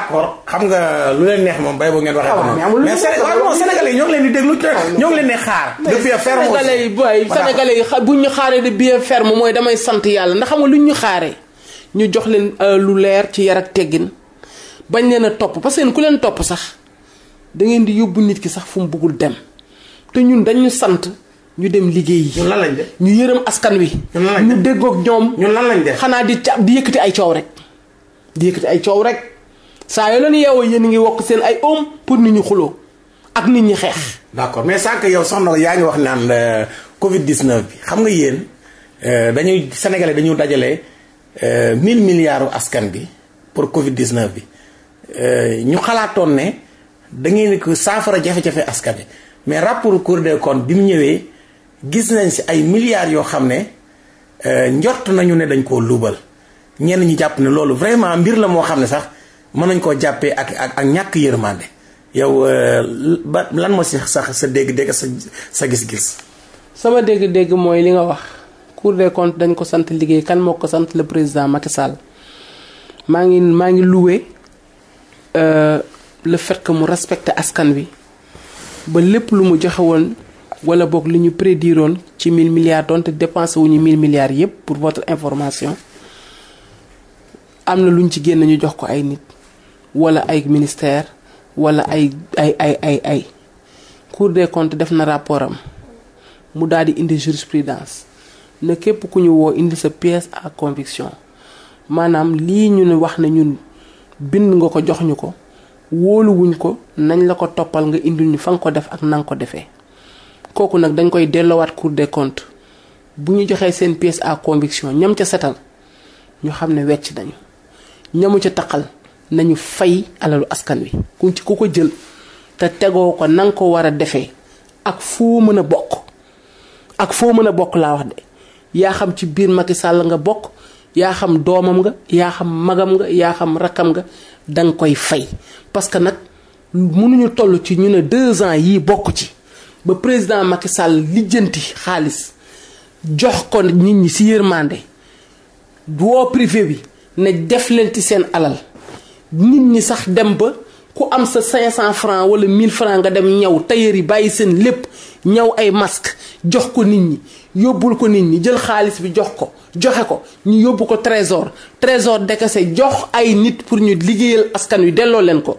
xam nga lu leen neex moom bay boo ngeen waxee. Ah, waaw mais Sénégalais yi ñoo ngi leen di déglu ah, ñoo ngi leen di xaar. depuis ferme Sénégalais yi ñu xaaree de bien ferme mooy damay sant yàlla ndax xam nga luñ ñu xaaree ñu jox leen euh, lu leer ci yar ak teggin bañ leen a topp parce que ku leen topp sax dangeen di yóbbu nit ki sax fu mu bëggul dem te ñun dañu sant. ñu dem liggéey yi. ñun lañ def ñu yërëm askan wi. ñu déggoog ñoom. ñun lan lañ xanaa di ca di yëkkati ay coow rek. di yëkkati ay coow rek saa yoo leen yeewoo yéen ngi wokk seen ay oom pour nit ñu xuloo ak nit ñi xeex. d'accord mais sànq yow soxna yaa ngi wax naan euh, Covid 19 bi xam nga yéen euh, dañuy sénégalais dañu dajale 1000 euh, milliards askan bi pour Covid 19 bi ñu xalaatoon ne da ngeen ko saafara jafe-jafe askan bi mais rapport Cour de comptes bi mu ñëwee gis nañ si ay milliards yoo xam ne njort nañu ne dañ koo luubal. ñenn ñi jàpp ne loolu vraiment mbir la moo xam ne sax mën nañ koo jàppee ak ak ak ñàkk yërmande yow euh, ba lan ma si sax sa dégg-dégg sa gis-gis. sama dégg-dégg mooy li nga wax Cour des comptes dañ ko sant liggéey kan moo ko sant la président Macky Sall maa ngi maa ngi loué euh, le fait que mu respecté askan wi ba lépp lu mu joxe woon wala boog li ñu prédiroon ci mille milliards donte dépensé wu ñu mille milliards yëpp pour votre information. am na lu luñ ci génn ñu jox ko ay nit wala ay ministère wala ay ay ay ay ay cour des comptes def na rapport am mu daal di indi jurisprudence na képp ku ñu woo indi sa pièce à conviction maanaam lii ñu ne wax ne ñun bind nga ko jox ñu ko wóoluwuñ ko nañ la ko toppal nga indil ñu fan nga ko def ak na ko defee kooku nag dañ koy delloowaat cour des comptes bu ñu joxee seen pièce à conviction ñam ca setal ñu xam ne wecc nañu ñamu ci taqal nañu fay alalu askan wi ku ci ku ko jël te tegoo ko nanga nga ko war a defee ak foo mën a bokk ak foo mën a bokk laa wax de yaa xam ci biir Macky Sall nga bokk yaa xam doomam nga yaa xam magam nga yaa xam rakkam nga da nga koy fay parce que nag mënuñu toll ci ñu ne deux ans yii bokk ci ba président Macky Sall lijjanti xaalis jox ko nit ñi si yërmande woo privé bi ne def leen ci seen alal nit ñi sax dem ba ku am sa 500 francs wala 1000 francs nga dem ñaw tailleur yi bàyyi seen lépp ñaw ay masque jox ko nit ñi yóbbul ko nit ñi jël xaalis bi jox ko joxe ko ñu yóbbu ko trésor trésor dekase jox ay nit pour ñu liggéeyal askan wi delloo leen ko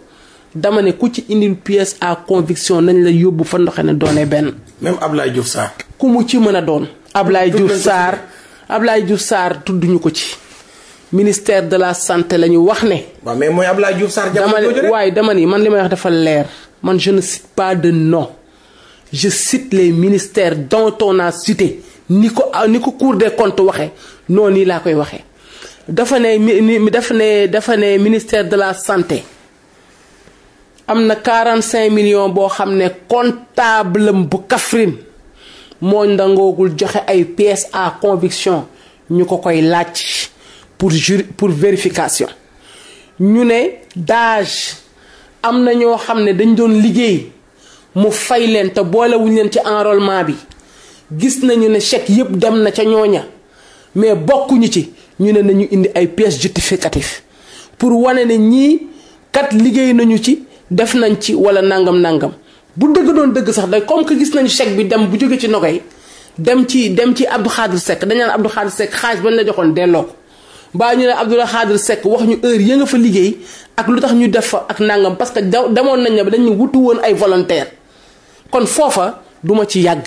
dama ne ku ci indi pièce à conviction nañ la yóbbu fa ndoxe ne doone benn. même Ablaye Diouf Sarr. ku mu ci mën a doon. Ablaye Diouf Sarr Ablaye Diouf Sarr tudduñu ko ci. ministère de la santé la ñu wax ne. mais mooy Abdoulaye Diouf Sarr waaye dama ni man li may wax dafa leer man je ne pas de nom je cite les ministères dont a cité ni ko ni ko Cour des comptes waxee noonu laa koy waxee. dafa ne mi dafa ne dafa ne ministère de la santé am na 45 millions boo xam ne comptable bu Kaffrine moo ndangoogul joxe ay pièces à conviction ñu ko koy laaj. pour jur pour vérification ñu ne daaj am na ñoo xam ne dañ doon liggéey mu fay leen te boolewuñ leen ci enrôlement bi gis nañu ne chèque yëpp dem na ca ñooña mais bokkuñu ci ñu ne nañu indi ay pièces justificatives pour wane ne ñii kat liggéey nañu ci def nañ ci wala nangam nangam bu dëgg doon dëgg sax day comme que gis nañu chèque bi dem bu jóge ci Nogaye dem ci dem ci Abdou sekk Seck dañaan Abdou Khadre Seck xaalis bañ la joxoon delloo ko mbaa ñu ne Abdoulaye Khadre Seck wax ñu heure ya nga fa liggéey ak lu tax ñu def fa ak nàngam parce que demoon nañ ne ba dañu wutu woon ay volontaire kon foofa duma ci yàgg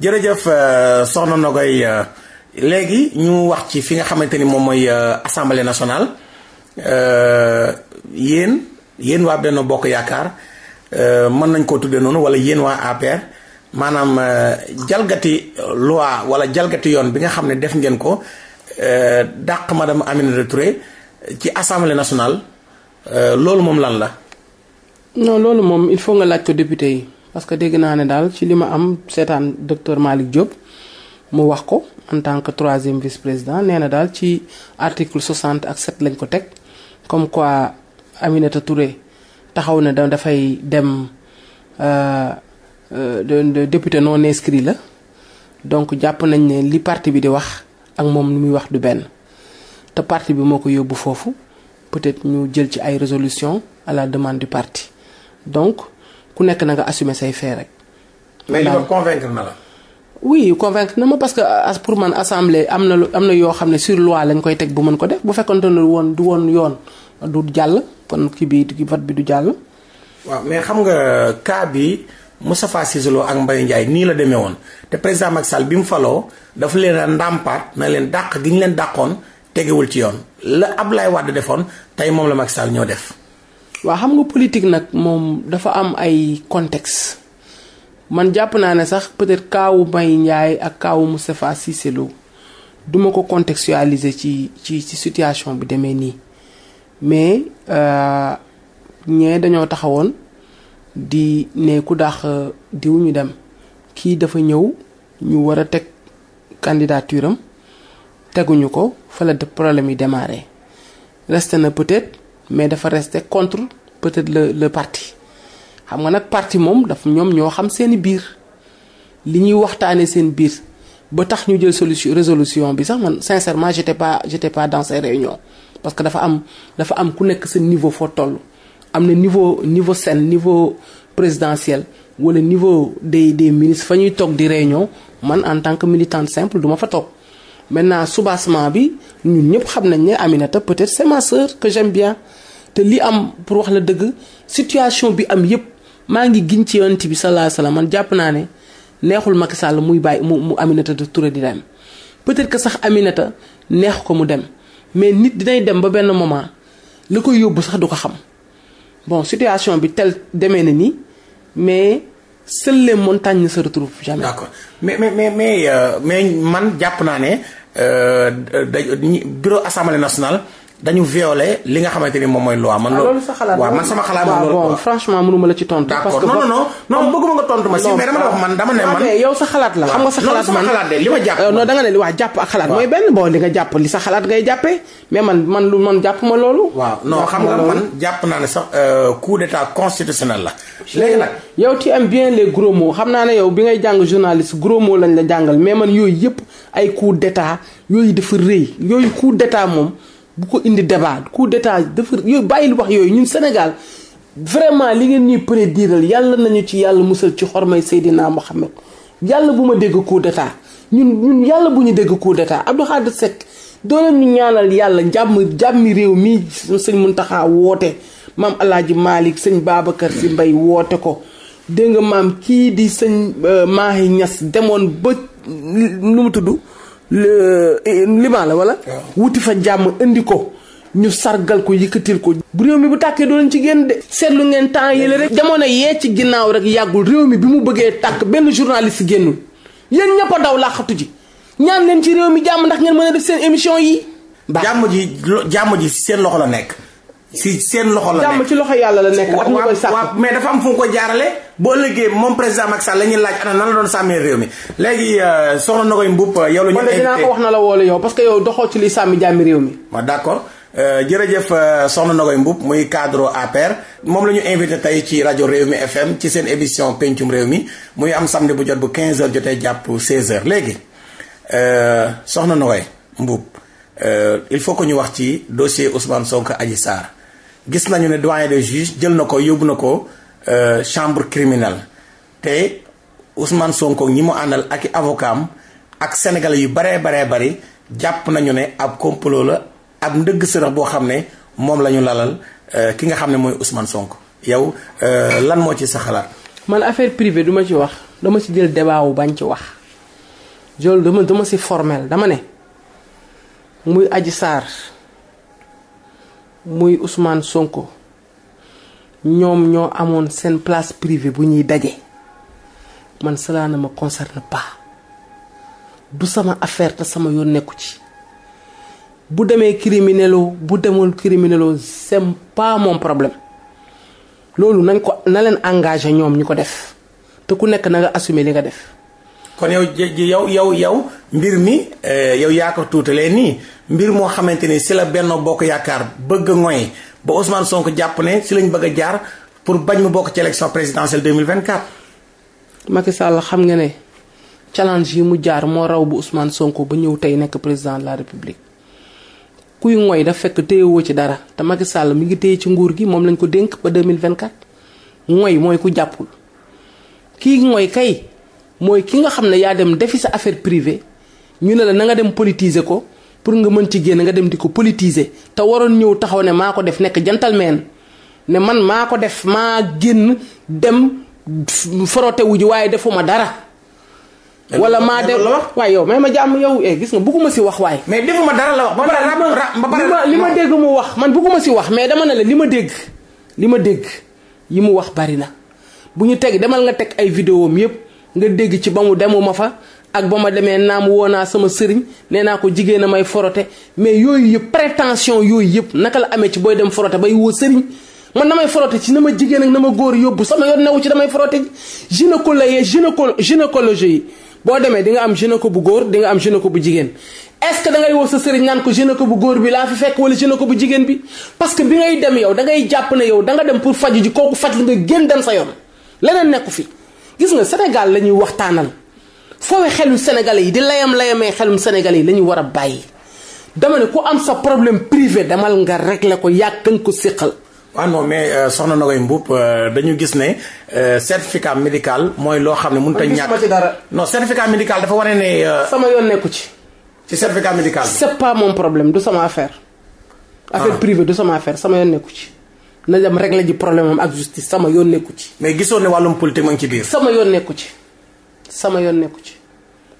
jërëjëf euh, soxna Nogaye euh, léegi ñu wax ci fi nga xamante ni moom mooy euh, assemblée nationale yéen yéen waa Benno Bokk Yaakaar mën nañ ko tuddee noonu wala yéen waa APR maanaam jalgati loi wala jalgati yoon bi nga xam ne def ngeen ko dàq madame Aminata Touré ci assemblée nationale loolu moom lan la. non loolu moom il faut nga laaj ko député yi. parce que dégg naa ne daal ci li ma am seetaan docteur Malick Diop mu wax ko en tant que troisième vice président nee na daal ci article 60 ak 7 lañ ko teg comme quoi Aminata Touré taxaw na da dafay dem euh, député non inscrit la donc jàpp nañ ne li parti bi di wax ak moom lu muy wax du benn te parti bi moo ko yóbbu foofu peut-être ñu jël ci ay résolution à la demande du parti donc ku nekk na nga assumer say fee rek. mais li convaincre na la. oui convaincre na ma parce que as pour man assemblée am na lu am na yoo xam ne sur loi lañ koy teg bu mën ko def bu fekkante ne woon du woon yoon du jàll kon kii bi kii vote bi du jàll. waaw mais xam nga cas bi Moustapha Cissé Lo ak mbayu Ndiaye nii la demee woon te président Macky Sall bi mu faloo dafa leen a ndàmpaat na leen dàq gi ñu leen dàqoon tegewul ci yoon la Ablaye Wade defoon tey moom la Macky Sall ñoo def. waa xam nga politique nag moom dafa am ay contexte man jàpp naa ne sax peut-être kaawu May Ndiaye ak kaawu Moustapha Cissé selo duma ko contextualiser ci ci ci situation bi demee nii mais euh, ñee dañoo taxawoon di ne ku dàq diw ñu dem kii dafa ñëw ñu war a teg candidature am teguñu ko fa la problème yi démarré reste na peut-être mais dafa rester contre peut-être le le parti xam nga nag parti moom dafa ñoom ñoo xam seen biir li ñuy waxtaanee seen biir ba tax ñu jël solution résolution bi sax man sincèrement j'étais pas j'étais pas dans ces parce que dafa am dafa am ku nekk seen niveau foo toll am na niveau niveau seen niveau présidentiel wala niveau des des ministres fa ñuy toog di réunion man en tant que militante simple duma fa toog maintenant soubassement bi ñun ñëpp xam nañ ne Aminata peut-être c'est ma bien te li am pour wax la dëgg situation bi am yëpp maa ngi giñ ci yonent bi sallallahu alayhi man jàpp naa ne neexul Macky Sall muy bàyyi mu mu Aminata de Touré di dem peut-être que sax Aminata neex ko mu dem mais nit dinay dem ba benn moment la koy yóbbu sax du ko xam bon situation bi tel demee na nii mais seules les montagnes ne se retrouvent jamais. mais mais mais mais, euh, mais man jàpp naa ne euh, dañuy bureau assemblée national dañu violer li nga xamante ni moom mooy loi man. Ah, loolu sa xalaat waaw man sama xalaat. waaw franchement mënu la ci tontu. parce que non non non bëgguma nga tontu ma si mais dama la wax man dama ne man. la xam nga sa xalaat man li ma jàpp. Euh, non da nga ne li wax jàpp ak xalaat mooy benn bon man man lu jàpp ma loolu. waaw non xam nga man jàpp naa ne sax euh, coup d'état constitutionnel la. léegi nag yow tu aimes bien les gros mots xam naa ne yow bi ngay jàng journaliste gros mots lañ la jàngal mais man yooyu yëpp ay coup d'état yooyu dafa rëy yooyu coup d'état moom bu ko indi débat coup d'état defar yooyu bàyyil wax yooyu ñun Sénégal vraiment li ngeen ñuy përe diiral yàlla nañu ci yàlla musal ci xormay Seydina Mohamed yàlla bu ma dégg ku d'état ñun ñun yàlla bu ñu dégg ku d'état Abdou Khadre Seck doo ñu ñaanal yàlla njàmm jàmmi réew mii sëñ Muntaxa woote maam Alaaji Malick sëñ Babacar Si Mbay woote ko dégg nga maam kii di sëñ euh, Maahi Ñas demoon ba lu mu tudd Eh, limaa la wala. wuti fa jàmm indi ko. ñu sargal ko yëkkatil ko. bu réew mi bu tàkkee doo leen ci génn de. seetlu ngeen temps yële rek. jamono yee ci ginnaaw rek yàggul réew mi bi mu bëggee tàkk benn journaliste génnul yéen ñëpp a daw laaxatu ji ñaan leen ci réew mi jàmm ndax ngeen mën a def seen émission yi. jàmm ji jàmm ji seen loxo la nekk. si seen loxo la nekk jàmm ci loxo yàlla la nekk ak ñu koy mais dafa am fu nga ko jaarale boo ëllëgee moom président Macky Sall la ñuy laaj ana nan la doon sàmmee réew mi léegi euh, soxna na koy mbubb yow la wax na la woolu yow parce que yow doxoo ci liy sàmmi jàmmi réew mi waaw d'accord euh, jërëjëf euh, soxna Nogoy Mboup muy cadre APR moom la ñu invité tey ci rajo réew mi FM ci seen émission pencum réew mi muy am samedi bu jot bu quinze h jotee jàpp 16h léegi soxna Nogoy Mboup il faut que ñu wax ci dossier Ousmane Sonko Adji Sarr gis nañu ne doyen des juges jël na ko yóbbu na ko euh, chambre criminal te Ousmane Sonko ñi mu àndal ak i avocat am ak sénégalais yu baree baree bari jàpp nañu ne ab complot la ab ndëgg sërëx boo xam ne moom la ñu lalal euh, ki nga xam ne mooy Ousmane sonk yow euh, lan moo ci sa xalaat. man affaire privée duma ci wax dama ci jël débat wu bañ ci wax jol dama dama ci formel dama ne muy aji Sarr. muy Ousmane Sonko ñoom ñoo amoon seen place privée bu ñuy dajee man cela ne me concerne pas du sama affaire te sama yoon nekku ci bu demee criminelo bu demul criminelo c'est pa moom problème loolu nañ ko na leen engagé ñoom ñu ko def te ku nekk na nga assumer li nga def kon yow yow yow yow mbir mi eh, yow yaakaar tuuti tuutalee nii mbir moo xamante ni si la Benno Bokk Yaakaar bëgg a ngoy ba Ousmane Sonko jàpp ne si lañ bëgg a jaar pour bañ mu bokk ci élection présidentielle 2024. Macky Sall xam nga ne challenge yi mu jaar moo raw bu Ousmane Sonko ba ñëw tey nekk président de la République. kuy ngoy daf fekk téyewoo ci dara te Macky Sall mi ngi téye ci nguur gi moom lañ ko dénk ba 2024 ngoy mooy ku jàppul kii ngoy ka mooy ki nga xam ne yaa dem defi sa affaire privée ñu ne la na nga dem politiser ko pour nga mën ci génn nga dem di ko politiser te waroon ñëw taxaw ne maa ko def nekk gentleman ne man maa ko def maa génn dem forote wu ji waaye defuma dara. wala maa dem waaye yow may ma jàmm yow eh gis nga bugguma si wax waaye. mais defuma dara la wax. ba pare li ma dégg mu wax man bugguma si wax mais dama ne la li ma dégg li ma dégg yi mu wax bari na bu ñu teg demal nga teg ay vidéo am yëpp. nga dégg ci ba mu demuma fa ak ba ma demee naam woo naa sama sëriñ nee naa ko jigéen a may forote mais yooyu yëpp prétention yooyu yëpp naka la amee ci booy dem forote bay woo sëriñ man may forote ci na ma jigéen ak na ma góor yóbbu sama yoon newu ci damay forote ji gynécologue gynéco gynécologue yi boo demee di nga am gynéco bu góor di nga am gynéco bu jigéen est-ce que da ngay woo sa sëriñ naan ko bu góor bi laa fi fekk wala gynéco bu jigéen bi parce que bi ngay dem yow dangay jàpp na yow danga nga dem pour faju ji kooku faj li nga génn dem sa yoon leneen nekku fi gis nga Sénégal la ñuy waxtaanal foowee xelum sénégalais yi di layam layamee xelum sénégalais yi la war a bàyyi dama ne ku am sa problème privé demal nga la ko yàgg kañ ko séqal. waaw non mais euh, soxna Nogaye Mboup euh, dañu gis ne euh, certificat médical mooy loo xam ne mun a ñàkk ci dara non certificat médical dafa wane ne. sama yoon nekku ci. ci certificat médical bi. c'est pas mon problème du sama affaire. affaire ah. privée du sama affaire sama yoon nekku ci. na dem régler ji problème ak justice sama yoon nekku ci. mais gisoon ne wàllum politique ma ci biir. sama yoon nekku ci sama yoon nekku ci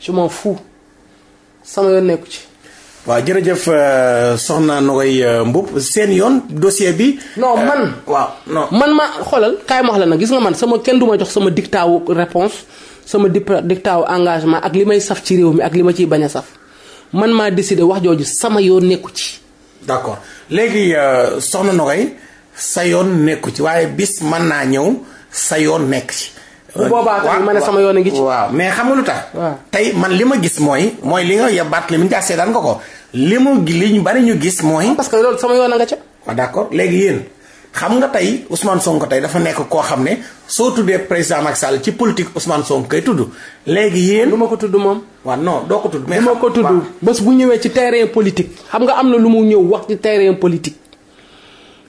je m'en fous sama nekku ci. waaw jërëjëf euh, soxna Nogaye euh, Mboup seen yoon dossier bi. non euh, man waaw man ma xoolal kaay ma wax la gis nga man sama kenn du ma jox sama dictaawu réponse sama dictaawu engagement ak li may saf ci réew mi ak li ma ciy bañ a saf man maa décidé wax jooju sama yoon nekku ci. d'accord léegi soxna Nogaye. sa yoon nekku ci waaye bis mën naa ñëw sa yoon nekk ci. bu boobaa tamit ma ne sama yoon a ngi ci. waaw mais xam nga lu tey man li ma gis mooy. mooy li nga yebbaat li mu jaasee daan nga ko li mu li ñu bari ñu gis mooy. Ah, parce que loolu sama yoon a nga ca. waaw ah, d'accord léegi xam nga tey Ousmane Sonko tey dafa nekk koo xam ne soo tuddee président Macky Sall ci politique Ousmane Sonko koy tudd léegi yéen. du ma ko tudd moom. waaw no doo ko tudd. mais du ma bu ñëwee ci terrain politique. xam nga am na lu mu ñëw wax ci terrain politique.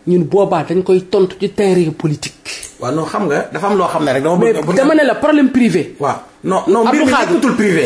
ñun boobaa dañ koy tontu ci terrain politique. waa non xam nga dafa am loo xam ne rek. dama bëgg dama ne la problème privé. waaw non non mbir mi nekkatul privé.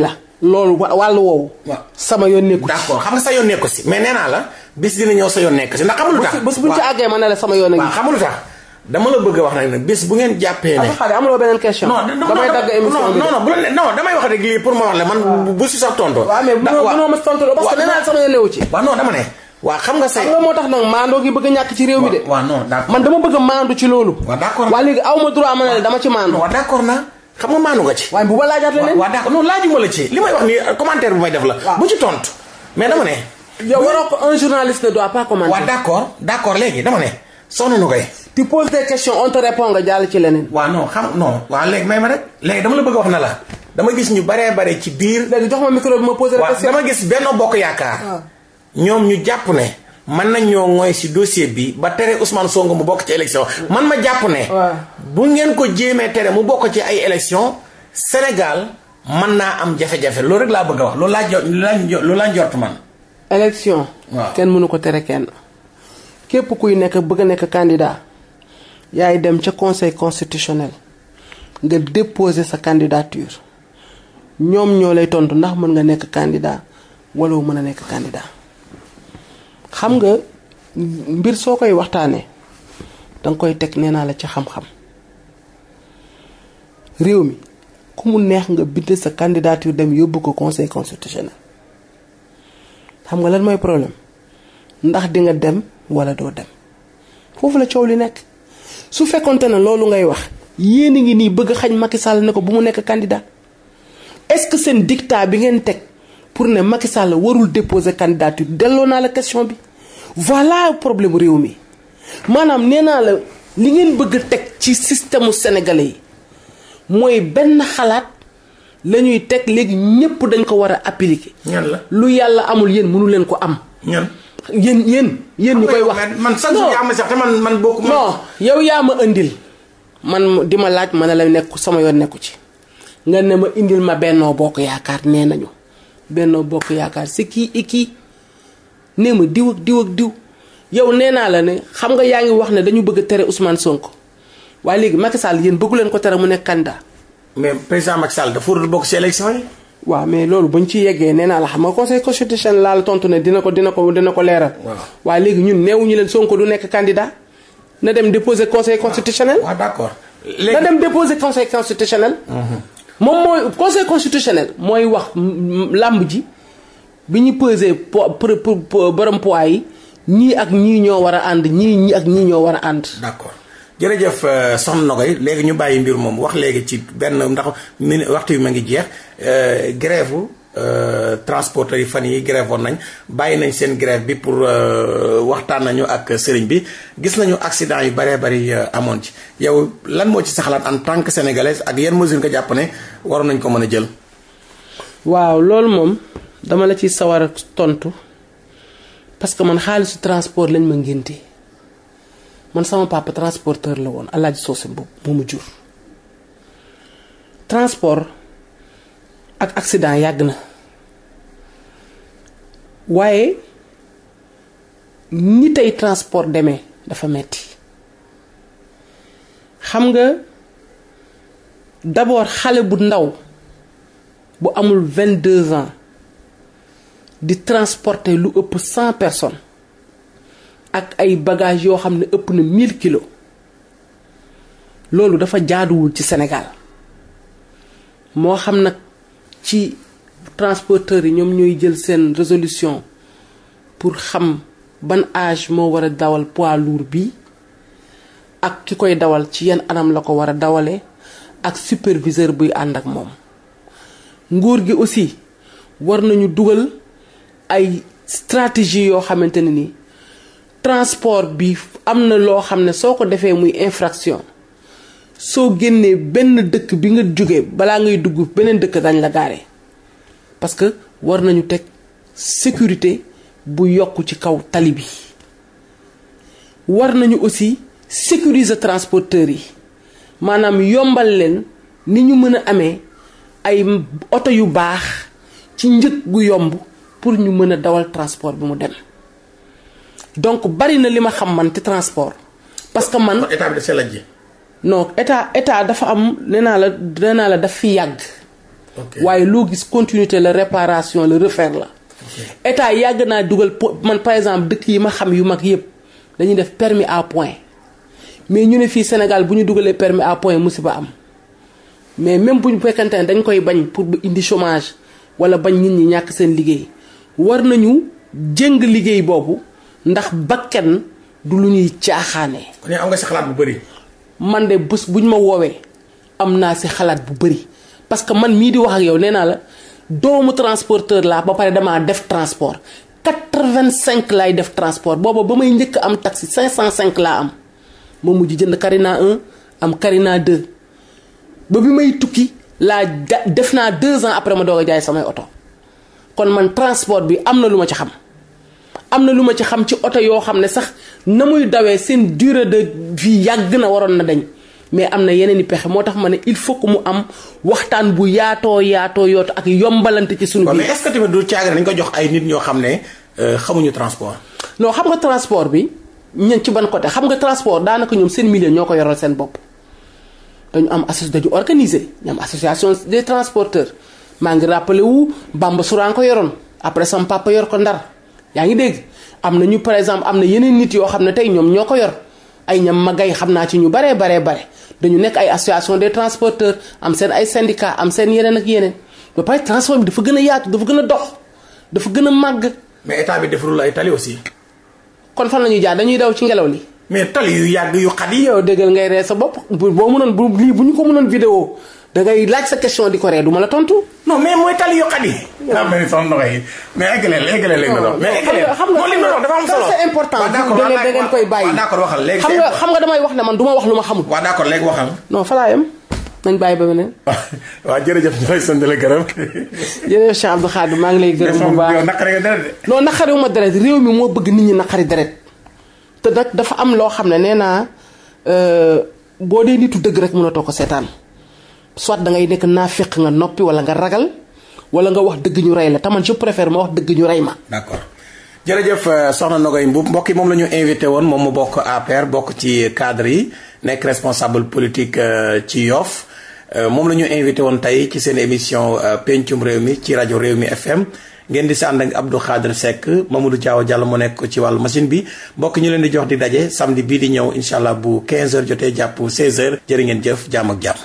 loolu wàllu woowu. sama yoon nekku si. d'accord xam nga sa yoon nekku si mais nee naa la bis dina ñëw sa yoon nekku si ndax xamul lu ma ne la sama yoon a ngi. waaw la bëgg a wax nag bis bu ngeen jàppee ne. ah amuloo beneen question. non non damay dagg pour ma wax man sax tontoo. waaw mais bu ma ma tontoo parce que nee naa la sama xam nga say moo tax nag maandoo gi bëgg ñàkk ci réew mi de. waaw man dama bëgg a maandu ci loolu. waaw d'accord waaw léegi aw ma droit ma ne dama ci maandu. waaw d'accord na xam nga maanu nga ci. waaye bu ba laajaat leneen waaw d'accord non laajuma la ci li may wax nii euh, commentaire bu may def la. bu ci tontu mais dama ne. yow waroo ko un journaliste ne doit pas commenter. waaw léegi dama ne soxna Ndogoye. tu poses des questions on te nga jàll ci leneen. waa non xam non waaw léegi may ma rek léegi dama la bëgg wax na la dama gis ñu baree bare ci biir. léegi jox ma micro bi ma poser la question. waaw dama gis benn bokk yaakaar. Ah. ñoom ñu jàpp ne. mën nañoo mooy si dossier bi ba tere Ousmane Sonko mu bokk ci élection man ma jàpp ne. bu ngeen ko jéemee tere mu bokk ci ay élection Sénégal mën naa am jafe-jafe loolu rek laa bëgg wax loolu laa jo loolu laa njort man. élection. kenn mënu ko tere kenn. képp kuy nekk bëgg a nekk candidat yaay dem ca conseil constitutionnel nga déposer sa candidature ñoom ñoo lay tontu ndax mën nga nekk candidat wala mën a nekk candidat. xam nga mbir soo koy waxtaanee danga koy teg nee naa la ci xam-xam réew mi ku mu neex nga bind sa candidature dem yóbbu ko conseil constitutionnel xam nga lan mooy problème ndax di nga dem wala doo dem foofu la coow li nekk su fekkonte ne loolu ngay wax yéen a ngi nii bëgg a xañ Macky Sall ne ko bu mu nekk candidat est-ce que seen dictat bi ngeen teg. pour ne Macky Sall warul déposé déposer candidature delloo naa la question bi voilà problème réew mi maanaam nee naa la li ngeen bëgg teg ci système mu sénégalais yi mooy benn xalaat la ñuy teg léegi ñëpp dañ ko war a appliquer. lu yàlla amul yéen mënu leen ko am. ñan yéen yéen. yéen koy wax man sax man man bokk non yow yaa ma indil man di ma laaj ma ne la nekk sama yoon nekku ci nga ne ma indil ma bennoo bokk yaakaar nee nañu. Benno Bokk Yaakaar c'est kii et kii nee ma diw ak diw ak diw yow nee naa la ne xam nga yaa ngi wax ne dañu bëgg tere tere Ousmane Sonko waa léegi Macky Sall yéen bëggu leen ko tere mu nekk candidat. mais président Macky Sall dafa warul bokk ci élection waaw mais loolu buñ ci yeggee nee naa la xam nga conseil constitutionnel laa la tontu ne dina ko dina ko dina ko leeral. waaw waaye léegi ñun neewuñu leen Sonko du nekk candidat na dem déposer conseil constitutionnel. waaw d'accord léegi na dem déposer conseil constitutionnel. Mhm. moom mooy conseil constitutionnel mooy wax làmb ji bi ñu peser pour borom poids yi ñii ak ñii ñoo war a ànd ñii ñii ak ñii ñoo war a ànd. d'accord jërëjëf euh, soxna Nogaye léegi ñu bàyyi mbir moom wax léegi ci benn ndax mi waxtu yi ma ngi jeex euh, grève Euh, transporteurs yi fan yi grève woon nañ bàyyi nañ seen grève bi pour euh, waxtaan nañu ak sëriñ bi gis nañu accident yu bëree bëri euh, amoon ci yow lan moo ci saxalaat en tant que sénégalais ak yan mesure nga jàpp ne waroon nañ ko mën a jël waaw loolu moom dama la ci sawar a tontu parce que man xaalisu transport lañ ma ngénte man sama papa transporteur la woon alaaji soose boobu moo mu jur transport ak accident yàgg na waaye ni tey transport deme dafa metti xam nga d'abord xale bu ndaw bu amul vingt-deux ans di transporter lu ëpp cent personnes ak ay bagages yoo xam ne ëpp na mille kilo loolu dafa jaaduwul ci Sénégal moo xam nag ci transporteurs yi ñoom ñooy jël seen résolution pour xam ban âge moo war a dawal poids lour bi ak ki koy dawal ci yan anam la ko war a dawale ak superviseur buy ànd ak moom nguur gi aussi war nañu dugal ay stratégie yoo xamante ne ni transport bi am na loo xam ne soo ko defee muy infraction soo génnee benn dëkk bi nga jógee balaa ngay dugg beneen dëkk dañ la gaare parce que war nañu teg sécurité bu yokk ci kaw tali bi war nañu aussi sécuriser transporteurs yi maanaam yombal leen ni ñu mën a amee ay oto yu baax ci njëg gu yomb pour ñu mën a dawal transport bi mu dem donc bari na li ma xam man ci transport parce que man état bi daf see laaj non état état dafa am nee la nee la daf fi yàgg. waaye loo gis continuité la réparation la refaire la. état yàgg naa dugal man par exemple dëkk yi ma xam yu mag yëpp dañuy def permis à point mais ñu ne fii Sénégal bu ñu dugalee permis à point musiba am mais même bu ñu fekkante ne dañ koy bañ pour indi chômage wala bañ nit ñi ñàkk seen liggéey war nañu jëng liggéey boobu ndax bakken du lu ñuy caaxaanee. kon am nga sa xalaat bu bëri. man de bés bu ñu ma woowee am naa si xalaat bu bëri parce que man mii di wax ak yow nee naa la doomu transporteur laa ba pare damaa def transport vingt cinq laay def transport booba ba may njëkk am taxi 505 laa am ma mujj jënd Carina un am Carina 2 ba bi may tukki laa def naa deux ans après ma doog a jaay samay oto kon man transport bi am na lu ma ci xam. am na lu ma ci xam ci oto yoo xam ne sax na muy dawee seen durée de vie yàgg na waroon na dañ mais am na yeneen i pexe moo tax ma ne il faut que mu am waxtaan bu yaatoo yaatoo yootu ak yombalante ci suñu biir. mais est-ce dañ ko jox ay nit ñoo xam ne euh, xamuñu transport. non xam nga transport bi ñun ban côté xam nga transport daanaka ñoom seen milieu ñoo ko yoral seen bopp dañu am associ dañu organiser ñu am association des transporteurs maa ngi rappelé wu Bamba Sourang ko yoroon après sama papa yor ko ndar. yaa ngi dégg am na ñu par exemple am na yeneen nit yoo xam ne tey ñoom ñoo ko yor ay ñam magay xam naa ci ñu baree baree bare dañu nekk ay association des transporteur am seen ay syndicat am seen yeneen ak yeneen ba pare transport bi dafa gën a yaatu dafa gën a dox dafa gën a màgg. mais état bi defarul ay tali aussi. kon fan la ñuy jaar dañuy daw ci ngelaw li. mais tali yu yàgg yu xat yi. yow déggal ngay ree sa bopp boo mënoon bu lii bu ñu ko mënoon vidéo da ngay laaj sa question di ko ree du ma la tontu. non mais mooy tali yokkat yi. waaw mais sama ndox yi mais eggaleel eggaleel léegi la mais eggaleel moom li mu doon am solo. important da koy bàyyi. waaw d'accord waxal léegi xam nga xam nga damay wax ne man du ma wax lu ma xamul. waaw d'accord léegi waxal. non fa laa yem nañ bàyyi ba beneen. waaw jërëjëf ñu ngi la gërëm. jërëjëf Cheikh Abdou maa ngi lay gërëm bu baax yow naqari nga deret de. non naqari wu ma deret moo bëgg nit ñi naqari deret te nag dafa am loo xam ne nee naa euh, boo dee nitu dëgg rek mënatoo ko seetaan soit da ngay nekk naaféq nga noppi wala nga ragal wala nga wax dëgg ñu rey la taman je préfère ma wax dëgg ñu rey ma. d'accord jërëjëf euh, soxna Nogaye Mboup mbokk yi moom la ñu invité woon moom mu bokk APR bokk ci cadre yi nekk responsable politique euh, ci Yoff euh, moom la ñu invité woon tey ci seen émission pencum réew mi ci rajo réew mi FM ngeen di si ànd ak Abdou Khadre Seck Mamadou Diaw Diallo mu nekk ci wàllu machine bi mbokk ñu leen di jox di daje samedi bii di ñëw incha allah bu 15 jotee jàpp 16h jërë ngeen jëf jàmm ak